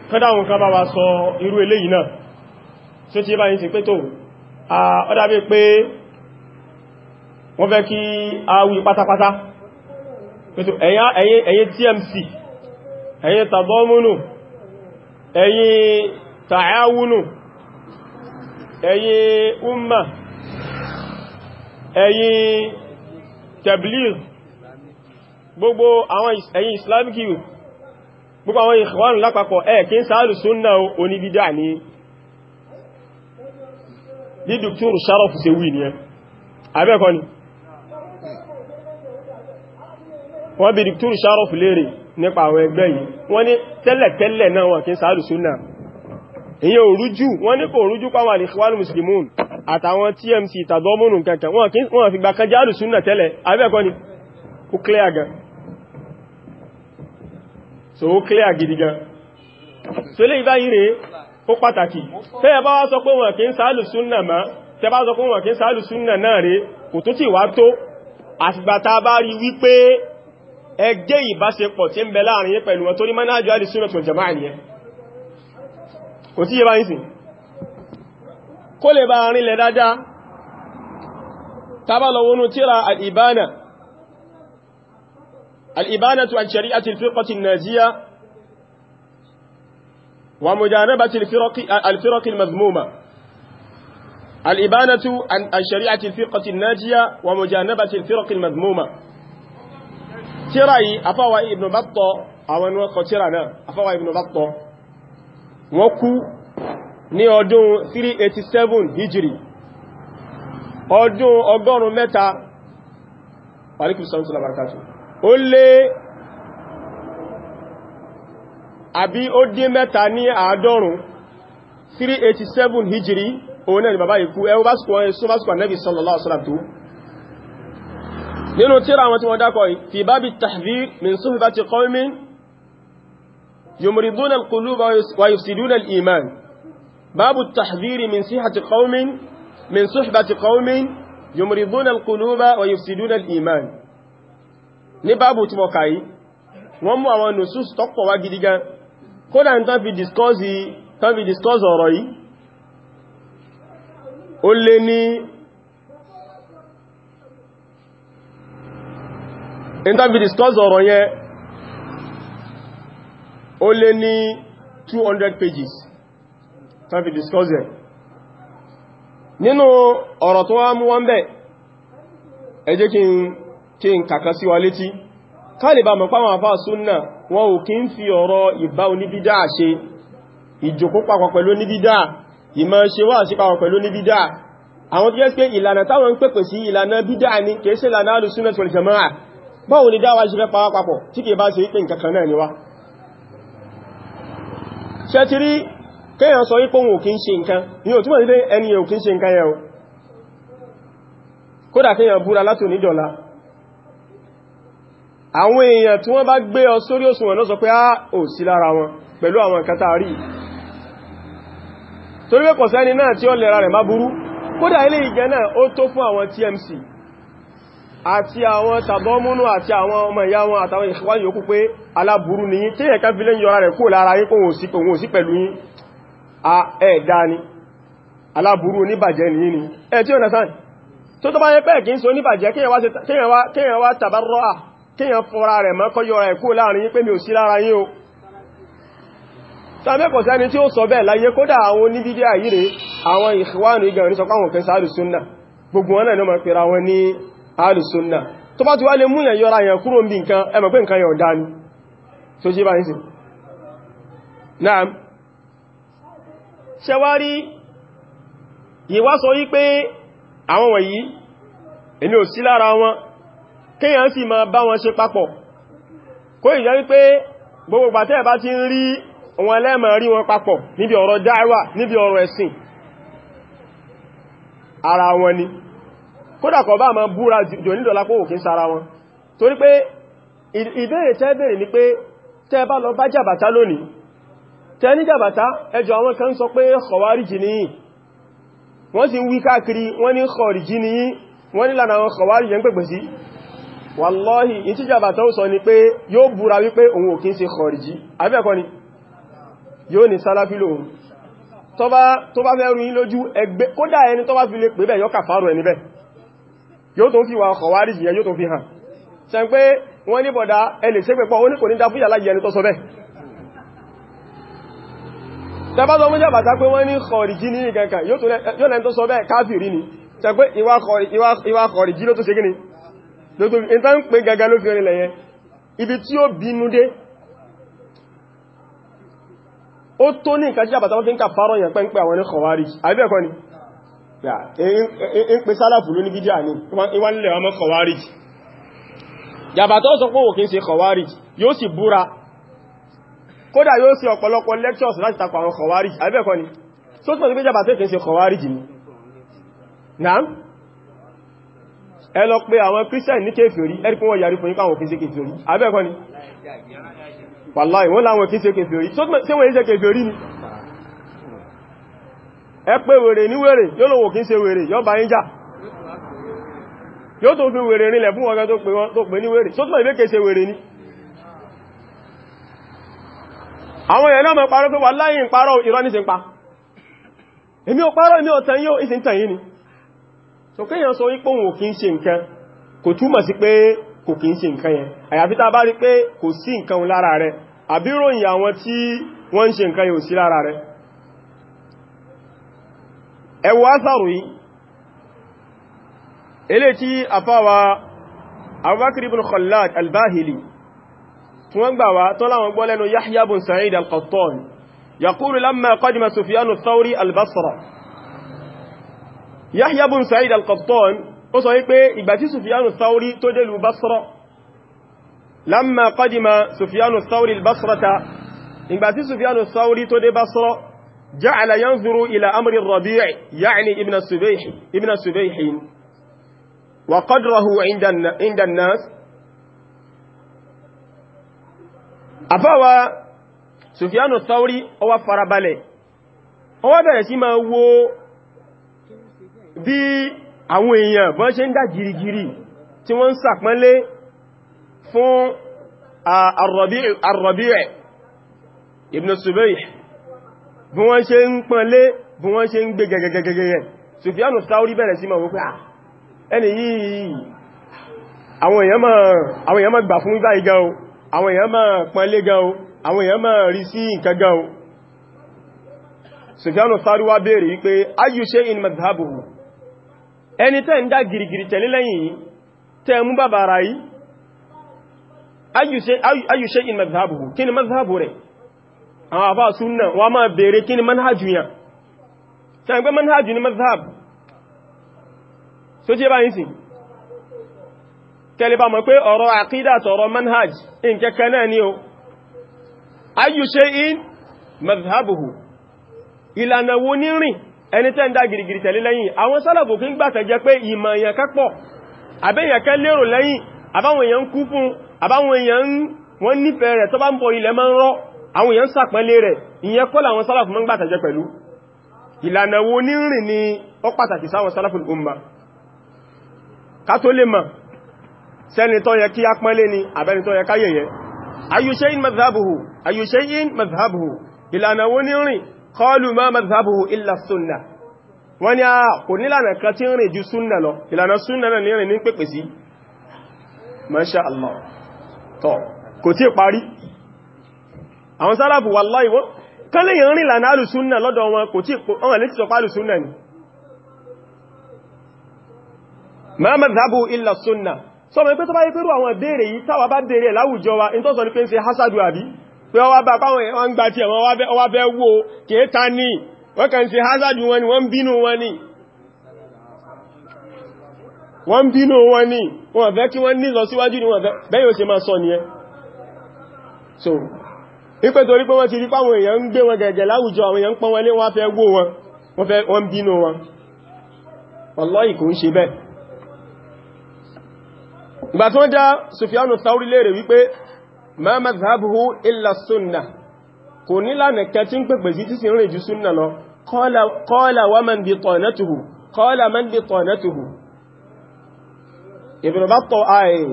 Speaker 1: kọ́dá àwọn kan bá wa sọ irú eléyìí náà tí ó ti bá yìí sí pé tó ọdábí pé wọ́n fẹ́ kí a wí pátápátá ẹ̀yin TMC ẹ̀yin tàbọ́múnù ẹ̀yin tààwúnù ẹ̀yin umma ẹ̀yin tabligh gbogbo àwọn ẹ̀yìn islamic youth gbogbo àwọn ìkwọ́n lápapọ̀ ẹ̀ kí ń sáàlù súnnà oníbídà ní bí dùkúrù sáràfù ṣe wí ní ẹ abẹ́ẹ̀kọ́ ni wọ́n bí dùkúrù sáràfù lérè nípa àwọn ẹgbẹ́ yìí wọ́n ní tẹ́lẹ̀tẹ́lẹ̀ náà wọ́n kí ń sáàlù súnnà àtàwọn TMC tàdọ́mùnù kankan wọ́n fi gbà kan jẹ́ alùsúnnà tẹ́lẹ̀ abẹ́ẹ̀kọ́ ni ó clear gan so ó clear gidi gan so lè ibá yìí ó pàtàkì tẹ́yẹ bá wá sọ pé wọ́n kí ń sa alùsúnnà má tẹ́ bá sọ pé wọ́n kí ń sa alùsúnnà náà rẹ̀ kò tó ti wá tó àsìgbàta bá rí wípé ẹgbẹ́ ìbáṣepọ̀ tí ń bẹ láàrin pẹ̀lú wọn tó ní manájú alùsúnnà tó jama'a nìyẹn kò tí yẹ bá sìn kó lè dada ta ba lọ wọnú tíra al'ibana ibana tu an shari'ati al-firqati an-najiya wa mujanabati al-firqi al-mazmuma al'ibana tu an shari'ati al-firqati an-najiya wa mujanabati al-firqi al-mazmuma mazmuma tirai yìí afáwa ibn battọ àwọn ẹnu ọkọ̀ afáwa ibn battọ wa kú ní ọdún 387 hijri ọdún ọgọ́rùn mẹ́ta alaykum salaam barakatu ó lé àbí ó dín mẹ́ta ní àádọ́rùn 387 hijri òun náà ni bàbá yìí kú ẹwọ́ bá sùkọ̀ ẹ̀sùn bá sùkọ̀ nẹ́bì sallallahu alaihi wasallam tó nínú tírà wọn tí wọ́n dákọ̀ fi bábi tahdhir min suhbati qawmin yumriduna al-quluba wa yufsiduna al-iman باب التحذير من صحة قوم من صحبة قوم يمرضون القلوب ويفسدون الإيمان ní báàbù tí mo kà yìí wọ́n mú àwọn nùsùs tọ́pọ̀ wá gidi gan kódà ní tán fi discuss ọ̀rọ̀ yìí ó lé ní ìntán fi discuss ọ̀rọ̀ yẹn ó lé ní 200 pages tán fi discuss ẹ̀ nínú ọ̀rọ̀ tó wá mú wọ́n bẹ̀ ẹ jẹ́ kí n kàkà sí wa létí kálìbà mọ̀ páwọn àfáà súnnà wọn ò kí ń fi ọ̀rọ̀ ìbá oníbídá ṣe ìjòkó papọ̀ pẹ̀lú oníbídá ìmọ̀ ṣe wá sí papọ̀ pẹ̀lú oníbídá àwọn tó jẹ́ pé ìlànà táwọn ń pèpè sí ìlànà bídá ni kìí ṣe kéèyàn sọ wípé òun ò kí ń ṣe nǹkan ní òtúmọ̀ ilé ẹni ò kí ń ṣe nǹkan yẹ o kódà kéèyàn búra látò níjọ̀lá àwọn èèyàn tí wọ́n bá gbé ọ sórí òṣùwọ̀n náà sọ pé áà ò sí lára wọn pẹ̀lú àwọn nǹkan tá a rí torí pé kọ̀sẹ́ni náà tí ó lẹ́ra rẹ̀ má burú kódà ilé ìgẹ́ náà ó tó fún àwọn TMC àti àwọn tàbọ́múnú àti àwọn ọmọ ìyá wọn àtàwọn ìṣẹ́wọ́n yòókú pé aláburú nìyí tí ẹ̀kẹ́ fi lè yọra rẹ̀ kó lára yín kóhùn sí pẹ̀lú yín ẹ̀ẹ̀dá ni aláburú oníbàjẹ́ ní ní ẹ̀ tí ó nà sáà tó tó bá yẹ pẹ́ẹ̀ kí ń so oníbàjẹ́ kíyàn wá tàbárọ́ à kíyàn fọ́ra rẹ̀ mọ́ kọ́yọ rẹ̀ kú láàrin pé mi ò sí lára yín o tàbí kò sẹ́ni tí ó sọ bẹ́ẹ̀ láyé kódà àwọn oníbídí àyíre àwọn ìṣwánù igan ní sọpáwọn kan sáàlù súnnà gbogbo wọn náà ní ọmọ pèrà wọn ní àlù súnnà tó bá ṣẹwárí ìwá sọ yí pé àwọn wọ̀nyí èmi ò sí lára wọn kíyàn sì máa bá wọn ṣe papọ̀ kó ìjẹ́ wípé gbogbo pàtẹ́ bá ti ń rí wọn lẹ́mọ̀ rí wọn papọ̀ níbi ọ̀rọ̀ dáíwà níbi ọ̀rọ̀ ẹ̀sìn ara wọn ni kódà kọ̀ bá máa búra jò nídọ̀lá pòwò kí sára wọn torí pé ìbéèrè tẹ́ bèèrè ni pé tẹ́ bá lọ bá jàbàtá lónìí tẹ́ ní jàbàtá ẹjọ́ àwọn kan sọ pé kọwàríjì ní wọ́n sì ń wí káàkiri wọ́n ní kọ̀ríjì ní wọ́n ní lànà àwọn kọwàríjì ń pẹ̀pẹ̀ sí wàlọ́hì in tí jàbàtá ó sọ ni pé yóò búra wípé òun ò kí ń ṣe kọ̀ríjì abẹ́ẹ̀kọ́ ni yóò ní sálàfí lòun tó bá fẹ́ ruyin lójú ẹgbẹ́ kódà ẹni tó bá fi lè tẹbátọ̀ mú jàbàtà pé wọ́n ní kọ̀rìjí ní ìkẹ́kẹ́ yóò lẹ́n tó sọ bẹ́ẹ̀ káfìrí ni tẹ pé ìwà kọ̀rìjí ló tó ṣe gíní ìta ń pè gaga ló fi orin lẹ̀yẹ ibi tí ó bínú dé ó tó ní ìkàjí ni ń pè sálàfù ló ní bídíà ní ìwánilẹ̀ ọmọ kọ̀wárí jàbàtà ó sọ pé òkín ṣe kọ̀wárí yóò kódà yóò sí ọ̀pọ̀lọpọ̀ lectures láti takọ̀ àwọn kọwàrí àbẹ́ẹ̀kọ́ ni tó tó ti gbé jàbà tẹ́kẹ́ sí kọwàrí jì ní náà ẹ lọ pé àwọn Christian ní kéfèrí ẹ́rìkún wọ́n yàrí fún ni wàláì wọ́n láwọn òfin kéfèrí tí wọ́n yí ni ẹ pé wèrè ní wèrè yóò lòwò kí ń ṣe wèrè yóò bá yín jà yóò tó fi wèrè rinlẹ̀ fún ọgá tó pè ní wèrè tó tó ìbékèṣe wèrè ni àwọn èèyàn náà mọ̀ parọ́ pé wà láyé ń parọ́ irọ́ ní sí ń pa èmi ò parọ́ èmi ò tàn yóò ìsìn tàn yí ni so kéèyàn sọ wípé òun ò kí ń ṣe nǹkan kò túmọ̀ sí pé kò kí ń ṣe nǹkan yẹn àyàfi tá bá rí pé kò sí nǹkan lára rẹ̀ àbí àwọn tí wọ́n ń ṣe nǹkan yóò sí lára rẹ̀ ẹwọ asàrù yìí eléyìí tí àfáwà Abubakar ibn Khallad al tí wọ́n gbà wá tó láwọn gbọ́ lẹ́nu yahya bin sa'id al-qattan yaqulu lamma qadima sufyan ath-thawri al-basra yahya bin sa'id al-qattan ó sọ wípé ìgbà tí sufyan ath-thawri tó dé lu basra lamma qadima sufyan ath-thawri al-basrata ìgbà tí sufyan ath-thawri tó dé basra ja'ala yanzuru ila amri ar-rabi' ya'ni ibn as-subayh ibn as-subayh wa qadrahu 'inda 'inda an-nas àfáwà Sufyanu Thauri ó wá farabalẹ̀ ó wá bẹ̀rẹ̀ sí máa wo bí àwọn èèyàn bọ́n ṣe ń dá gírígírí tí wọ́n ń sàpọ́nlé fún Ar-Rabi' ibn Subayh bí wọ́n ṣe ń pọ́nlé bí wọ́n ṣe ń gbé gẹ́gẹ́gẹ́gẹ́gẹ́ Thauri bẹ̀rẹ̀ sí máa wo pé ẹni yìí àwọn èèyàn máa gbà àwọn èèyàn máa pọ̀nlé gan o àwọn èèyàn máa rí sí nǹkan gan o Sufyanu Thawri wá béèrè wípé ayyu shay'in madhhabuhu ẹni tẹ́ ń dá gìrìgìrì tẹ̀lé lẹ́yìn yìí tẹ́ mú bàbá ara yìí ayyu shay'in madhhabuhu kí ni madhhabu rẹ̀ àwọn àfáà súnnà wọ́n máa kẹlẹ̀bà mọ̀ pé ọ̀rọ̀ àkídà tọ̀rọ̀ manhaj in kẹkẹ náà ni o ayyu shay'in madhhabuhu ìlànà wo ní rìn ẹni tẹ́ ń dá gìrìgìrì tẹ̀lé lẹ́yìn àwọn sálàbò kí ń gbà tẹ́jẹ́ pé ìmọ̀ èèyàn kápọ̀ àbẹ́yàn kẹ́ lérò lẹ́yìn àbáwọn èèyàn ń kú fún àbáwọn èèyàn wọ́n nífẹ̀ẹ́ rẹ̀ tó bá ń bọ̀ ilẹ̀ máa mọ̀ sẹ́ni tó yẹ kí á pẹ́lé ni àbẹ́ni tó yẹ káyẹ̀yẹ ayúṣẹ́yìn mazhabuhu ayúṣẹ́yìn mazhabuhu ìlànà wo ní rìn kọlu ma mazhabuhu illa sunna wọ́n ni a kò nílànà kan tí ń rìn ju sunna lọ ìlànà sunna náà ní rìn ní pèpè sí masha Allah tọ́ kò tí parí àwọn sálàfù wallahi wọ́n kán lè rìn lànà alùsúnnà lọ́dọ̀ wọn kò tí ọ̀rìn lè ti sọpá alùsúnnà ni ma mazhabuhu illa sunna sọmọ pé tó bá yí pẹ́rù àwọn ìbéèrè yìí táwa bá béèrè wa in tó sọ ní pé ń ṣe hasadu àbí pé ọwá bá pàwọn ẹ̀wọ́n gbà tí ẹ̀wọ́n wá bẹ́ wó kéta ní wọ́n hasadu wọn ni wọ́n bínú wọn ni wọ́n bínú wọn ni wọ́n fẹ́ kí wọ́n ní ni so ipe tori pé wọ́n ti rí páwọn èèyàn ń gbé wọn ìgbà tí wọ́n já Sufyanu Thawri léèrè wípé ma madhhabuhu illa súnnà kò ní lánà kẹ tí ń pèpè sí tí sì rìn jù súnnà lọ qala wa man bitanatuhu qala man bitanatuhu Ibn Battah ààyè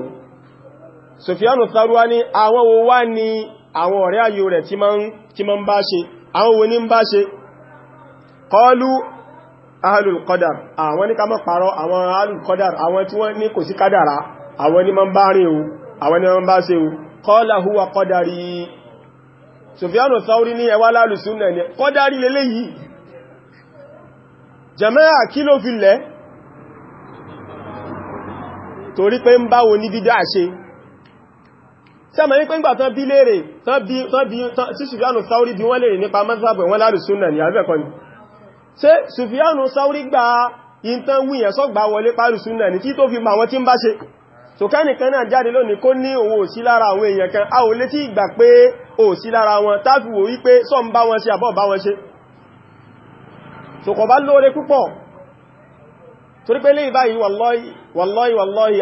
Speaker 1: Sufyanu Thawri wá ní àwọn wo wá ní àwọn ọ̀rẹ́ ayò rẹ̀ tí ma ń bá ṣe àwọn wo ní ń bá ṣe qalu ahlul qadar àwọn ní ká mọ́ pàrọ àwọn ahlul qadar àwọn tí wọ́n ní kò sí kádàrá àwọn ni ma ń bá rìn o àwọn ni ma ń bá ṣe o kọ́lá huwa kọ́dàrí Sufyanu Thawri ní ẹwà lálùsúnnà ni kọ́dàrí lélé yìí jẹ́mẹ́rà kí ló fi lẹ́ torí pé ń báwo ní dídá ṣe sẹ́mọ̀ ní pé ń gbà tán bí léèrè sí Sufyanu Thawri bí wọ́n lè nípa mọ́sáàbẹ̀ wọ́n lálùsúnnà ni àbẹ́kọ́ ni ṣe Sufyanu Thawri gba ìntàn wíyẹ̀ sọ́gbà wọlé pálùsúnnà ni tí tó fi ma wọn tí ń bá ṣe so kẹ́nìkan náà jáde lónìí kó ní òun ò sí lára àwọn èèyàn kan a ò lè tí ìgbà pé ò sí lára wọn táfi wò wípé sọ ń bá wọn ṣe àbọ̀ bá wọn ṣe so kọ̀ bá lóore púpọ̀ torí pé lè báyìí wallahi wallahi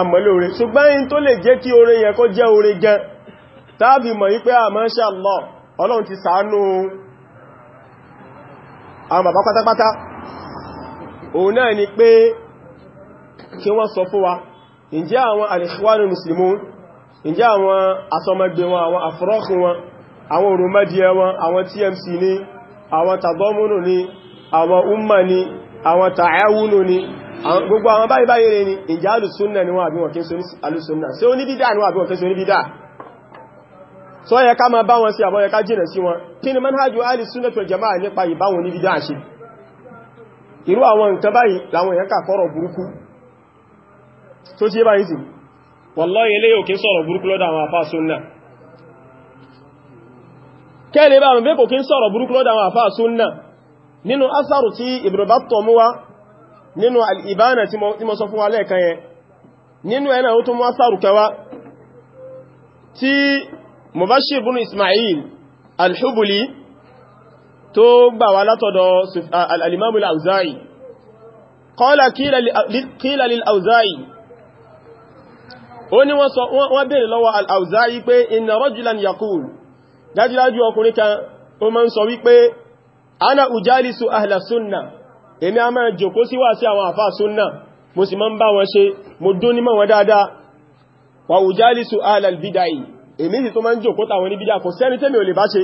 Speaker 1: àmọ́lóore ṣùgbọ́n tó lè jẹ́ kí oore yẹn kó jẹ́ oore gan ah, Allah ọlọ́run ti ṣàánú àwọn bàbá pátápátá òun náà ni pé kí wọ́n sọ fún wa ǹjẹ́ àwọn al-ikhwanu muslimun ǹjẹ́ àwọn asọmọgbé wọn àwọn afrọ́kù wọn àwọn òrùmọ́díẹ wọn àwọn tmc ní àwọn tàbọ́múnù ní àwọn umma ní àwọn tààwúnù ní gbogbo àwọn báyìí ni ǹjẹ́ alùsúnnà ni wọ́n àbí wọ́n kí so ní ni wọ́n àbí wọ́n kí so ní bídá sọ yẹ ká máa bá wọn sí àbọ́yẹ ká jìnà sí wọn kí ni manhajú alùsúnnà tó jama'a irú àwọn nǹkan báyìí láwọn èèyàn kà fọ́rọ̀ burúkú tó tí é báyìí sí wallahi ilé òkè sọ̀rọ̀ burúkú lọ́dọ̀ àwọn àfáà súnnà kẹ́lẹ̀ bá mẹ́kò kí ń sọ̀rọ̀ burúkú lọ́dọ̀ àwọn àfáà súnnà nínú asáru tí Ibn Battah mú wá nínú al-Ibana tí mo tó gbà wá látọ̀dọ̀ al-Imam al-Awza'i qala qila lil-Awza'i ó ní wọ́n bèèrè lọ́wọ́ al-Awza'i pé inna rajulan yaqul dájúdájú ọkùnrin kan ó máa ń sọ wípé ana ujalisu ahla sunna èmi a máa jòkó sí wá sí àwọn àfá sunna mo sì máa ń bá wọn ṣe mo dún ní mọ́ dáadáa wa ujalisu ahla al-bid'ah èmi sì tó máa ń jòkó táwọn ní bídà kò sẹ́ni tẹ́mi ò lè bá ṣe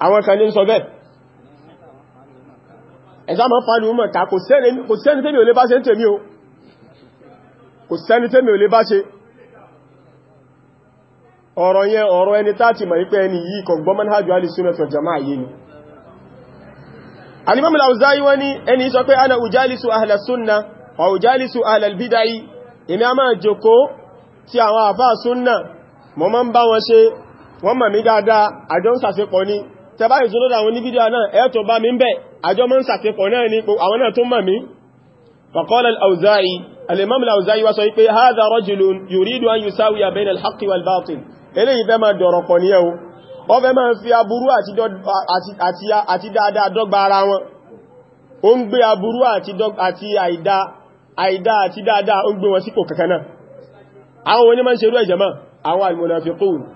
Speaker 1: àwọn kan ní sọ bẹ́ẹ̀ ẹ̀sàmọ́ fàálù mọ̀ ká kò sẹ́ni tẹ́mi ò lè bá ṣe ń tèmi o kò sẹ́ni tẹ́mi ò lè bá ṣe ọ̀rọ̀ yẹn ọ̀rọ̀ ẹni táti mọ̀ ipẹ́ ẹni yìí kọ̀ gbọ́ manhajjú alìsúnẹ̀tì jama'a ana ujalisu ahla sunna wa ujalisu ahla albidai èmi a máa jòkó tí sunna mọ́ mọ́ ń bá wọn ṣe wọ́n mọ̀ mí dáadáa àjọ́ ń sàṣepọ̀ ni tẹbá ìṣòlódà àwọn oníbídíò náà ẹ̀ẹ́tọ̀ bá mi ń bẹ̀ àjọ mọ́ ń sàfihàn náà ní àwọn náà tó mọ̀ mí faqala al-Awza'i al-imam al-Awza'i wá sọ wípé hadha rajulun yuridu an yusawiya bayna al-haqqi wal-batil eléyìí fẹ́ máa dọ̀rọ̀ pọ̀ ní ẹ̀wọ̀ ó fẹ́ máa fi aburú àti dáadáa dọ́gba ara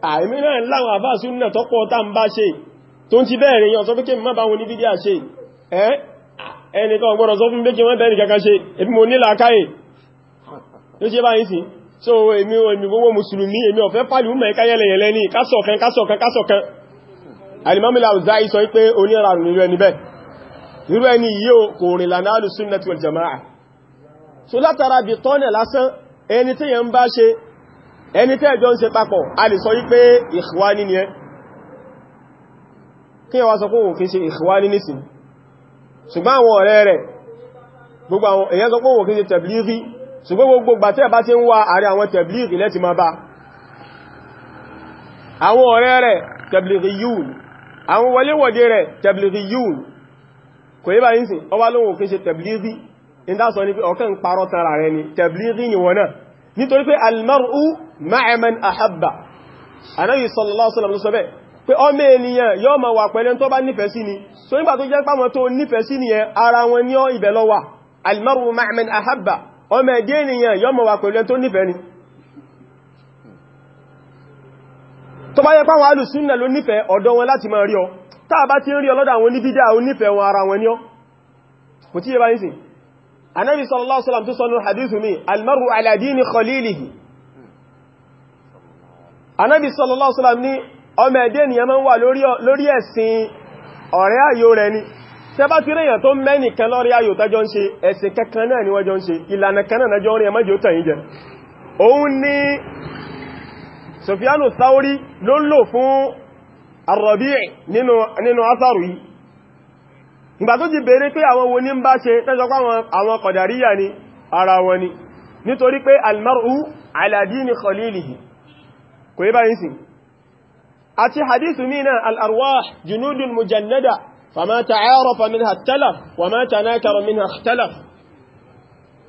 Speaker 1: àìmì náà láwọn àbá súnnà tọ́pọ̀ tá ń bá ṣe tó ń ti bẹ́ẹ̀rẹ̀ yàn sọ fíkẹ́ mọ́ bá wọn ní bídíà ṣe ẹnìkan ọgbọ́rọ̀ sọ fún méjì wọ́n bẹ́ẹ̀rẹ̀ kaka ṣe èmi mo nílà káyè ló ṣe báyìí sí so èmi èmi gbogbo mùsùlùmí èmi ọ̀fẹ́ pàlú mẹ́ káyẹ̀lẹ̀yẹ̀lẹ́ ní kásọ̀kan kásọ̀kan kásọ̀kan alimamila ọ̀záì sọ pé onírarùn nírú ẹni bẹ́ẹ̀ nírú ẹni yíò kò rìn lànà alùsùn network jama'a so látara bí tọ́nẹ̀ lásán ẹni tí yẹn ń bá ṣe ẹni tẹ́ẹ̀jọ ń ṣe papọ̀ a lè sọ wípé ìhwání ni ẹ kí wá sọ pé òun kí ṣe ìhwání nìsìn ṣùgbọ́n àwọn ọ̀rẹ́ rẹ̀ gbogbo àwọn èyàn sọ pé òun kí ṣe tẹ̀blìrì ṣùgbọ́n gbogbo gbà tẹ́ẹ̀ bá ti ń wá àrí àwọn tẹ̀blìrì lẹ́ti ma bá kò yí bá yí sìn ọwá lóhun kí ṣe tẹ̀blìrì ìdásọ ni pé ọ̀kẹ́ ń parọ́ tara rẹ̀ ni tẹ̀blìrì ni wọ́n náà nítorí pé almaru ma'aman ahabba anábi sallallahu alaihi wasallam sọ pé ọmọ ènìyàn yóò máa wà pẹ̀lú tó bá nífẹ̀ẹ́ sí ni so nígbà tó jẹ́ pàmọ́ tó nífẹ̀ẹ́ sí nìyẹn ara wọn ní ọ ibẹ̀ ló wà almaru ma'aman ahabba ọmọ ẹ̀dẹ́ ènìyàn yóò máa wà pẹ̀lú tó nífẹ̀ẹ́ ni tó bá yẹ pàwọn alùsúnnà ló nífẹ̀ẹ́ ọ̀dọ̀ wọn láti máa rí ọ táà bá ti ń rí ọlọ́dà àwọn oníbídá onífẹ̀ẹ́ wọn ara wọn ní ọ kò tí yẹ bá ń sìn sallallahu alaihi wasallam tó sọ nù hadithu mi almaru ala dini khalilihi anábi sallallahu alaihi wasallam ní ọmọ ẹ̀dẹ́ ni ẹmọ́ wà lórí ẹ̀sìn ọ̀rẹ́ ayò rẹ̀ ni tẹ́ bá ti rẹ̀yàn tó mẹ́nìkan lọ́rí ayò tẹ́jọ́ ń ṣe ẹ̀sìn kankan náà ni wọ́n jọ ń ṣe ìlànà kan náà jọ ń rìn ẹmọ́ jẹ́ ó tẹ̀yìn jẹ òun ni Sufyanu Thawri ló ń lò fún kò yí báyìí sí àti hadithu mìíràn al'arwah junudul mujannada fama ta'arafa min hattalaf wa ma tanakara min hattalaf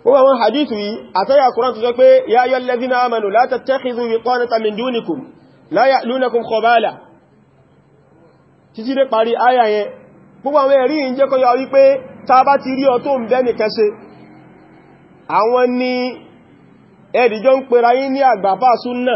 Speaker 1: ó wà wọn hadithu yìí àtàyà kuran tó sọ pé ya ayyuhal ladhina amanu la tattakhidhu bitanatan min ta bá ti rí ọ̀tọ̀ ń àwọn ni ẹ̀dìjọ́ ń pèrà yí ní àgbàfà súnnà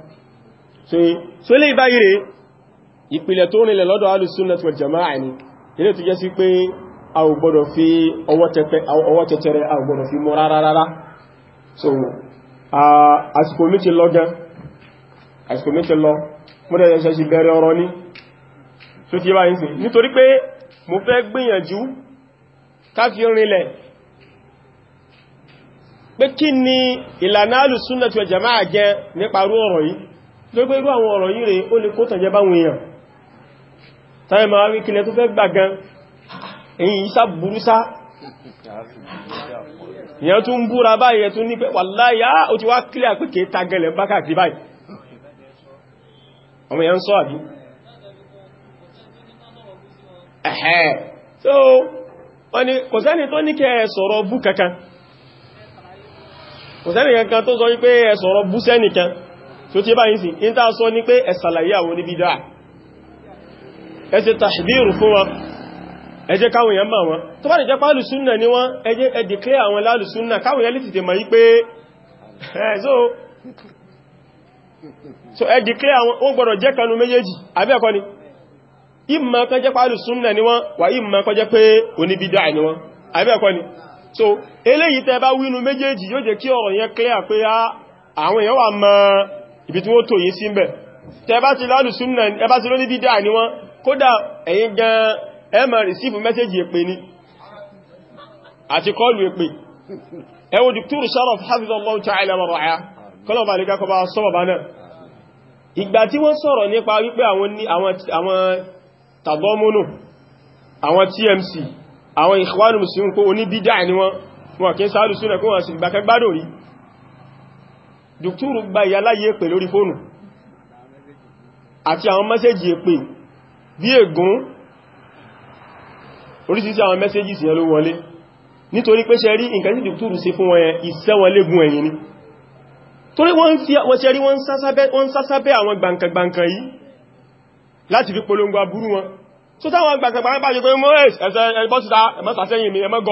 Speaker 1: so ilé ìbáyìí rẹ̀ ìpìlẹ̀ tó rìnlẹ̀ lọ́dọ̀ alùsùnnat wal jama'a ni ilé tó jẹ́ sí pé a ò gbọ́dọ̀ fi ọwọ́ tẹ́tẹ́rẹ a ò gbọ́dọ̀ fi mọ́ rárá so ah mi ti lọ gan àsìkò mi ti lọ múrẹ̀ ẹ̀ṣẹ́ sí bẹ̀rẹ̀ ọ̀rọ̀ ní tó ti bá yìí nítorí pé mo fẹ́ gbìyànjú káfí rinlẹ̀ pé kí ni ìlànà alùsùnnat wal jama'a jẹ nípa rú ọ̀rọ̀ yìí tó gbé irú àwọn ọ̀rọ̀ yìí rẹ̀ ó lè kó ya báwọn èèyàn tàbí ma rí kílẹ̀ tó fẹ́ ya èyí ìṣà burúsá ìyẹn tún búra báyìí tún ní wàláyà ó ti wá kílẹ̀ pé kìí tagẹlẹ̀ ya báyìí ya so ya so tí bá yìí sí in ta sọ ní pé ẹ ṣàlàyé àwọn ní bídá ẹ ṣe tàṣdírù fún wọn ẹ jẹ́ káwọn èèyàn máa wọn tó bá nìjẹ́ pàálù súnnà ní wọ́n ẹ jẹ́ àwọn láàlù káwọn èèyàn lè tètè yí pé so ẹ dìklẹ́ àwọn ó gbọ́dọ̀ jẹ́ kanu méjèèjì àbí ni ìmọ̀ kan jẹ́ pàálù súnnà ní wọ́n wà ìmọ̀ kan jẹ́ pé oníbídá ni wọ́n àbí ẹ̀kọ́ ni so eléyìí tẹ́ bá wínú méjèèjì yóò jẹ́ kí ọ̀rọ̀ yẹn clear pé ah, àwọn èèyàn wà mọ́ ibi tí wọ́n tò yí sí mẹ́ tẹ́ bá ti lálù súnnà ẹ bá ti lóní bídá ní wọ́n kódà ẹ̀yin gan ẹ máa receive message èpè ni àti kọlù èpè ẹ wo Dr. Sharaf hafizallahu ta'ala wa ra'ah kọlọ̀ bá lè kákọ bá sọ́bọ̀ bá náà ìgbà tí wọ́n sọ̀rọ̀ nípa wípé àwọn tàbọ́múnù àwọn TMC àwọn Ikhwanul Muslimin kó oní bídá ní wọ́n wọ́n kí ń sáàlù súnnà kó wọ́n sì gbàkẹgbádò rí dùkúrù gba ìyáláyé èpè lórí fóònù àti àwọn mẹ́sẹ́jì èpè bí ègún orísìírísìí àwọn mẹ́sẹ́jì sí ẹlò wọlé nítorí pé ṣẹ́rí nǹkan tí dùkúrù sí fún wọn ìṣẹ́ wọn légún ẹ̀yìn ni torí wọ́n ṣẹ́rí wọ́n sásábẹ́ àwọn gbàǹkàgbàǹkà yìí láti fi polongo aburú wọn tó táwọn gbàǹkàgbàǹkà bá ṣe pé mọ́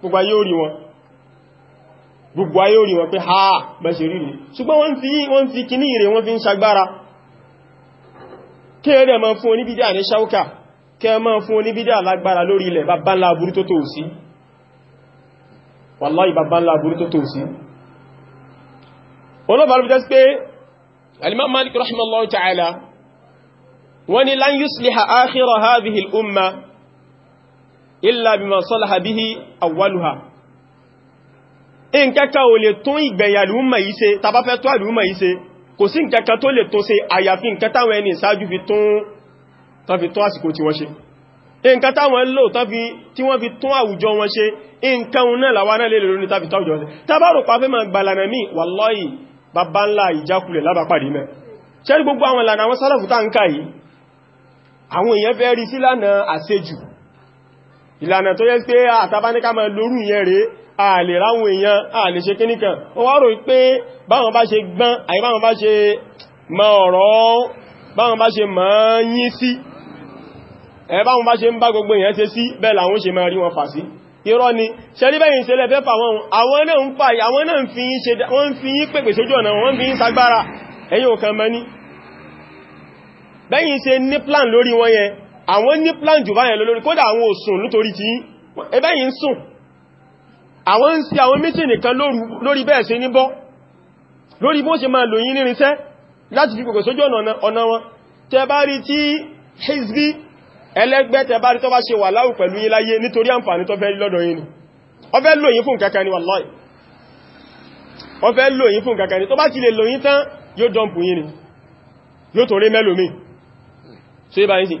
Speaker 1: gbogbo ayé orí wọn gbogbo ayé orí wọn pé ha bá ṣe rí rí ṣùgbọ́n wọ́n fi wọ́n fi kí ní ìrẹ̀ wọ́n fi ń ṣagbára kí ẹ̀rẹ̀ máa fún oníbídà ní ṣáúkà kí ẹ máa fún oníbídà lágbára lórí ilẹ̀ bàbá ńlá aburú tó tòsí wàláhì bàbá ńlá aburú tó tòsí illa bí ma salaha bihi awwaluha in kẹ́kẹ́ o lè tún ìgbẹ̀yà lúmọ̀ yìí ṣe tàbá fẹ́ tó àlúmọ̀ yìí ṣe kò sí nkẹ́kẹ́ tó lè tún ṣe àyàfi nkẹ́ táwọn ẹni ìsáájú fi tún tán fi tún àsìkò tí wọ́n ṣe nkẹ́ táwọn lò tí wọ́n fi tún àwùjọ wọn ṣe nkẹ́ un náà làwọn náà lè lórí tàbí táwùjọ ṣe tàbá rò pàfẹ́ ma gbàlànà mí wallahi bàbá ńlá ìjákulẹ̀ lábàpàdé mẹ́ ṣẹ́rí gbogbo àwọn ìlànà àwọn sálàfù tá ń ká yìí àwọn èèyàn fẹ́ rí sílànà àṣejù ìlànà tó yẹ pé àtàbáníká máa lórú yẹn rèé ààlè ráwọn èèyàn ààlè ṣe kíníkan wọ́n wá rò pé báwọn bá ṣe gbọ́n àyí báwọn bá ṣe mọ ọ̀rọ̀ báwọn bá ṣe mọ́ yín sí ẹ báwọn bá ṣe ń bá gbogbo èèyàn ṣe sí bẹ́ẹ̀ làwọn ṣe ni ṣẹ́rí bẹ́yìn ṣẹlẹ̀ fẹ́ fà wọn àwọn náà ń fà àwọn náà ń fi yín ṣe wọ́n ń fi yín pèpè sójú ọ̀nà wọ́n ń fi yín sagbára ẹ̀yin ò kàn mọ́ ní bẹ́yìn plan lórí àwọn ní plan jù báyẹ̀ lórí kódà àwọn òsùn nítorí tí ẹbẹ́yìn ń sùn àwọn ń sí àwọn mítì nìkan lórí bẹ́ẹ̀ sí níbọ́ lórí bó ṣe máa lò yí nírinṣẹ́ láti fi kòkò sójú ọ̀nà wọn tẹ bá rí tí hizbi ẹlẹ́gbẹ́ tẹ bá rí tó bá ṣe wà láwù pẹ̀lú yín láyé nítorí àǹfààní tó fẹ́ rí lọ́dọ̀ yín ni ó fẹ́ lò yín fún kankan ni wallahi ó fẹ́ lò yín fún kankan ni tó bá ti lè lò yín tán yóò dọ́mpù yín ni yóò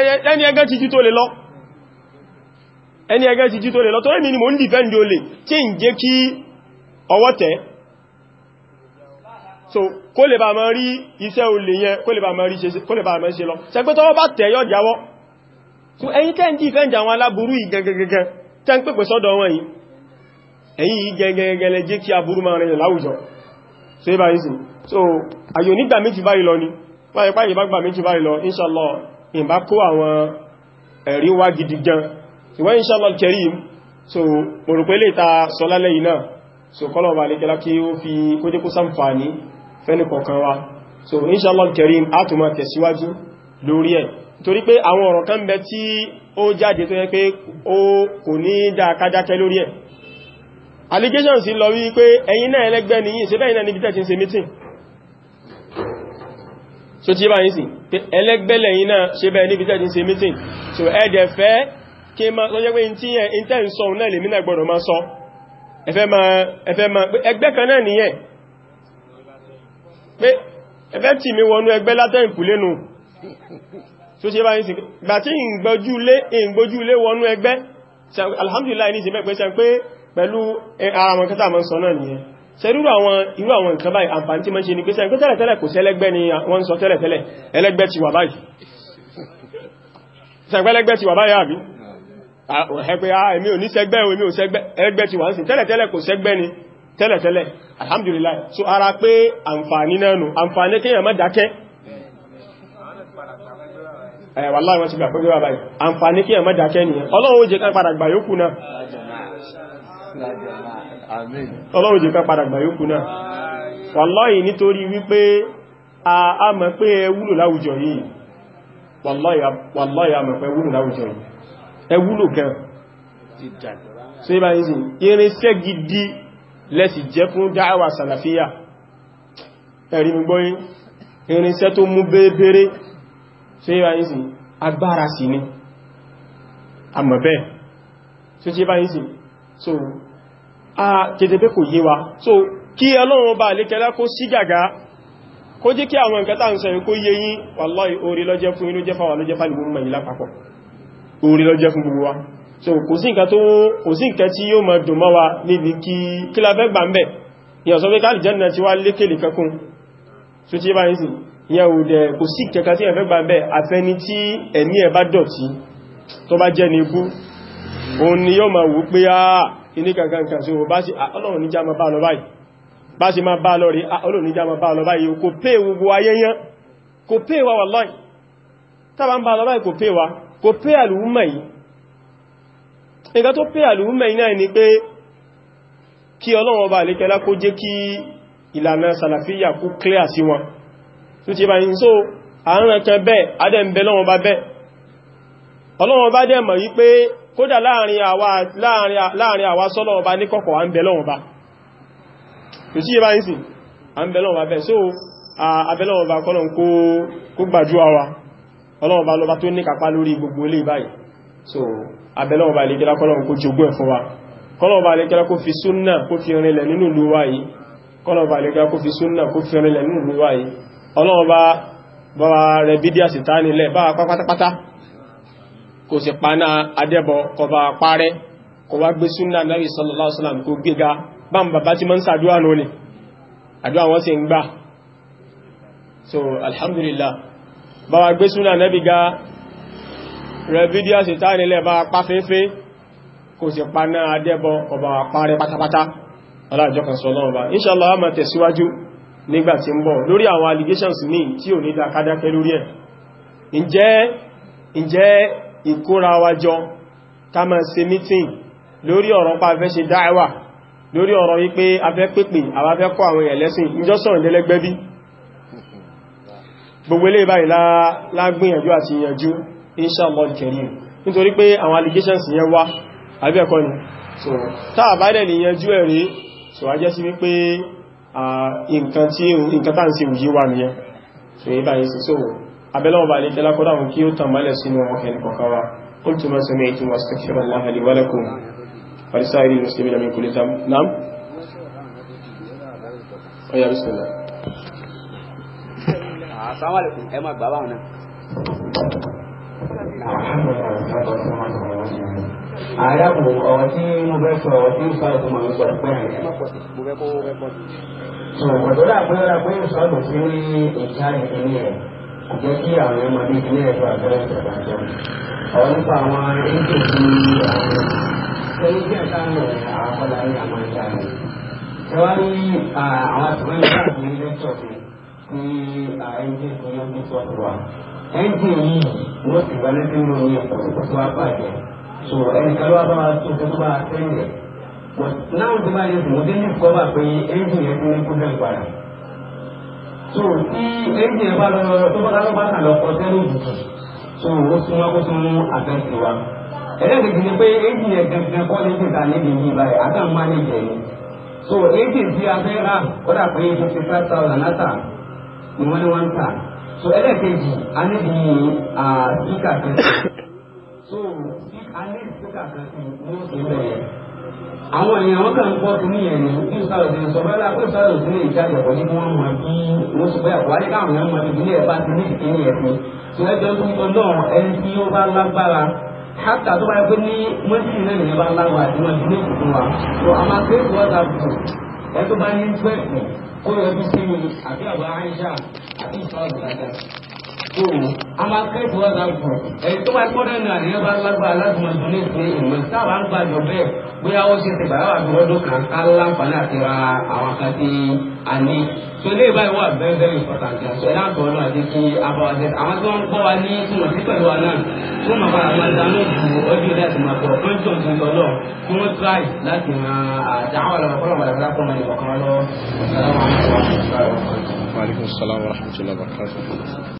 Speaker 1: ẹni ẹgẹ́ ti jú tó lè lọ ẹni ẹgẹ́ ti jú tó lè lọ torí mi ni mo ń dìfẹ́ndì olè tí ń jẹ́ kí ọwọ́ tẹ́ so kó lè bá mọ́ rí iṣẹ́ olè yẹn kó lè bá mọ́ ṣe lọ ṣẹgbẹ́ tọ́wọ́ bá tẹ̀ yọ jáwọ́ so ẹ̀yin tẹ́ ń dìfẹ́ndì àwọn aláburú ìgẹ́gẹ́gẹ́gẹ́ tẹ́ ń pèpè sọ́dọ̀ wọn yìí ẹ̀yin yìí gẹ́gẹ́gẹ́ lẹ so ibà yìí so àyò nígbà méjì báyìí lọ ni wọ́n yẹ páyìí bá inshallah ìbá kó àwọn ẹ̀rí wá gidi gan ṣùgbọ́n inshallah al so mo rò lè ta sọ lálẹ́ so kọ́lọ̀ bá lè kẹ́lá kí ó fi kó jẹ́ kó wa so inshallah al-karim a tún máa tẹ̀síwájú lórí ẹ̀ torí pé àwọn ọ̀rọ̀ kan bẹ tí ó jáde tó yẹ pé ó kò ní dá kájákẹ́ lórí ẹ̀ allegations lọ wí pé ẹ̀yin náà ẹlẹ́gbẹ́ nìyí ṣe bẹ́yìn náà níbi tẹ́ ti ń ṣe meeting so ti bá yín sí pé ẹlẹ́gbẹ́lẹ̀ yín náà ṣe bẹ́ẹ̀ níbi tẹ́ ti ń ṣe meeting so ẹ̀dẹ̀ fẹ́ kí ma sọ jẹ́ pé tí yẹn intẹ́ ń sọ náà lè mínà gbọ́dọ̀ ma sọ ẹfẹ́ ma ẹgbẹ́ kan náà nìyẹn pé ẹfẹ́ tì mí wọnú ẹgbẹ́ látẹ́yìn pùlénu so ṣe bá yín sí gbà tí ìgbójúlé wọnú ẹgbẹ́ alhamdulillah ní ìsìnbẹ̀ pẹ̀lú ara mọ̀kátà mọ̀ sọ náà nìyẹn sẹ́rúrú àwọn irú àwọn nǹkan báyìí àǹfàní tí mọ́ ṣe ní pé sẹ́rẹ̀ tẹ́lẹ̀ tẹ́lẹ̀ kò sí ẹlẹ́gbẹ́ ni wọ́n sọ tẹ́lẹ̀ tẹ́lẹ̀ ẹlẹ́gbẹ́ ti wà báyìí sẹ́gbẹ́lẹ́gbẹ́ ti wà báyìí sẹ́gbẹ́ ẹlẹ́gbẹ́ ti wà alhamdulillah so ara pé àǹfàní náà nù àǹfàní kéèyàn má dákẹ́ ẹ̀ wàláhí wọ́n ti gbà pé gbà báyìí àǹfàní kéèyàn má ọlọ́run jẹ́ ká padà gbà yóò náà wàláhì nítorí wípé a mọ̀ pé ẹ láwùjọ yìí wàláhì a mọ̀ pé ẹ láwùjọ yìí ẹ wúlò so ibá yìí irinṣẹ́ gidi lẹ́sì jẹ́ fún dáwà sàlàfíà ẹ̀rí mi gbọ́ irinṣẹ́ tó mú bẹ́ẹ̀bẹ́rẹ́ so ibá yìí agbára sí ni a mọ̀ bẹ́ẹ̀ so ti bá yìí so a kètèpé kò yé wa so kí ọlọ́run bá lékẹlá kó sí gàgá kó jí kí àwọn nǹkan tàà ń sọ̀rọ̀ kó yé yín wàláhì orí lọ́jẹ́ fún inú so kò sí nǹkan tó kò sí nǹkan tí yóò mọ̀ dùn mọ́ la fẹ́ gbà ń bẹ̀ ìyàn sọ pé káàlì jẹ́nà tí wá lékèlè kankun so tí bá ń sì ìyàn ò kẹka tí ẹ̀fẹ́ gbà ń bẹ̀ àfẹni tí ẹ̀mí ẹ̀ bá dọ̀tí tó bá jẹ́ ní ikú òun ni yóò máa wò pé áà kìní kankan sí o bá sí ah, ọlọ́run níjá ma bá lọ báyìí bá sí ma bá lọ rí ah, ọlọ́run níjá ma bá lọ báyìí kò pé gbogbo ayẹyẹn kò pé wa wallahi tàbá ń bá lọ báyìí kò pé wa kò pé àlùmọ̀ yìí nǹkan ni pé kí ọlọ́run ọba àlékẹ́lá kó jẹ́ kí ìlànà sàlàfíyà kó clear sí wọn tó ti bá yìí dẹ̀ mọ̀ yí pé kódà láàrin àwa sọ́lọ̀ ọba ní kọ̀kọ̀ à ń bẹ lọ́wọ́n bá kò sí yẹba ìsìn à so abẹ́lọ́wọ́n bá kọ́lọ̀ kó gbàjú àwa ọlọ́wọ́n bá lọba tó ní kàpá lórí gbogbo ilé so abẹ́lọ́wọ́n bá lè kẹ́lá kọ́lọ̀ kó jogún ẹ̀ fún wa kọ́lọ̀ bá lè kẹ́lá kó fi súnnà kó fi rinlẹ̀ nínú ìlú wa yìí kọ́lọ̀ bá lè kẹ́lá bá rẹ̀ bídíà sí tánilẹ̀ bá pátápátá kò sì paná adẹ́bọ kọba parẹ́ kò wá gbé súnà náà sallallahu alaihi wasallam kò gbéga bá ń bàbá tí mọ́ ń sàdúwà náà ni àdúwà wọ́n sì ń gbà so alhamdulillah bá wa gbé súnà náà ga rẹ̀ fídíò sì táàrílẹ̀ bá pa fẹ́fẹ́ kò sì paná adẹ́bọ kọba parẹ́ pátápátá aláàjọ́kan sọ inshallah a máa tẹ̀síwájú nígbà tí ń bọ̀ lórí àwọn allegations ní tí ò ìkóra wa jọ ká máa ṣe meeting lórí ọ̀rọ̀ pa afẹ́ ṣe dáẹwà lórí ọ̀rọ̀ wípé afẹ́ pèpè àwọn afẹ́ kọ́ àwọn èèyàn lẹ́sìn ìjọsọ̀rọ̀ lẹ́lẹ́gbẹ́ bí gbogbo ilé báyìí lágbìyànjú àti ìyànjú inshallah karim nítorí pé àwọn allegations yẹn wá àbí ni táà bá dẹ̀ so a jẹ́ sí wípé nǹkan tí so yí báyìí sí sóòrò abẹ́lọ́wọ́ bá alékẹ́lá kọ́dá wọn kí ó tàn mọ́lẹ̀ sínú ọkẹ̀ ìkọ̀kọ́wà قلت ما سمعت واستغفر الله لي ولكم ولسائر المسلمين من كل ذنب نعم يا بسم الله
Speaker 2: السلام عليكم اما بابا هنا ààrẹ́kù ọ̀rọ̀ tí mo bẹ́ sọ ọ̀rọ̀ tí kò jẹ́ kí àwọn ọmọdé ti ní ẹ̀fọ́ àgbẹ̀rẹ̀ ìgbàgbọ́. ọ̀rọ̀ nípa àwọn ètò tí àwọn ẹni tí ẹ̀ka ń lọ àwọn akọ́dà ní àwọn ìjà ni. ẹ wá ní àwọn àtìwọ́n ní káàkiri lẹ́tọ̀ mi tí ẹnjẹ́ tó yọ bí tó wà. ẹnjẹ́ yìí wọ́n ti wá lẹ́sẹ̀ ń lórí tó wá bàjẹ́. so ẹnìkan ló wá bá wa tó tó tó bá wa tẹ́lẹ̀. náà ti bá yẹ kó mo so tí èyí ẹ̀ bá lọ tó bá lọ bá kà lọ kọ sẹ́nu ìbùkún so ó tún wá kó tún mú àtẹ̀sí wa ẹlẹ́dẹ̀ẹ́dì ni pé èyí ẹ̀ gẹ̀gẹ̀ kọ́ ní títà níbi yìí báyìí àtàn máa ní jẹ̀ ni so èyí tí a fẹ́ rà ó dà pé fifty five thousand náta ni wọ́n ní wọ́n ń tà so ẹlẹ́kejì a ní bí spika kan so a ní spika kan ní oṣù àwọn èèyàn wọn kàn ń kọ́ kí ní ẹ̀yìn kí n sọ̀rọ̀ ìdílé sọ̀rọ̀ ẹ̀la pé sọ̀rọ̀ ìdílé ìjáde ọ̀pọ̀ nínú wọn mọ̀ bí wọ́n sọ pé àwárí káwọn èèyàn mọ̀ ìdílé ẹ̀ bá ti ní ìdílé ẹ̀ fún tí wọ́n jọ ń tọ́ náà ẹni tí ó bá lágbára hátà tó bá yẹ pé ní mọ́tì náà nìyẹn bá lágbára àti wọn ìdílé ìfún wa tó a máa gbé ìwọ́ta bù ẹ tó bá ní twẹ́ẹ̀kì kó yẹ bí sí mi àbí àbá fóònù a máa kẹ́ ìfowó ọ̀sán fún ẹni tó máa gbọ́dọ̀ ní àdéhùn bá lágbára láti máa dún ní ìpín ìmọ̀ sábà ń gbàjọ bẹ́ẹ̀ bóyá ó ṣe ti bàbá àti ọdún kan ká láǹfààní àti ra àwọn kan tí a ìbáyìí wà very very important àṣọ ẹ̀dá àtọ̀ ọ̀nà àti kí abawàṣẹ àwọn tí wọ́n ń gbọ́ wa ní túmọ̀ sí pẹ̀lú wa náà tó máa bára máa dáná ju ọdún ilé àti máa fún ìjọba ìjọba lọ kí wọ́n try láti máa àdáhùn àwọn ọ̀pọ̀lọpọ̀ àdàkọ́lá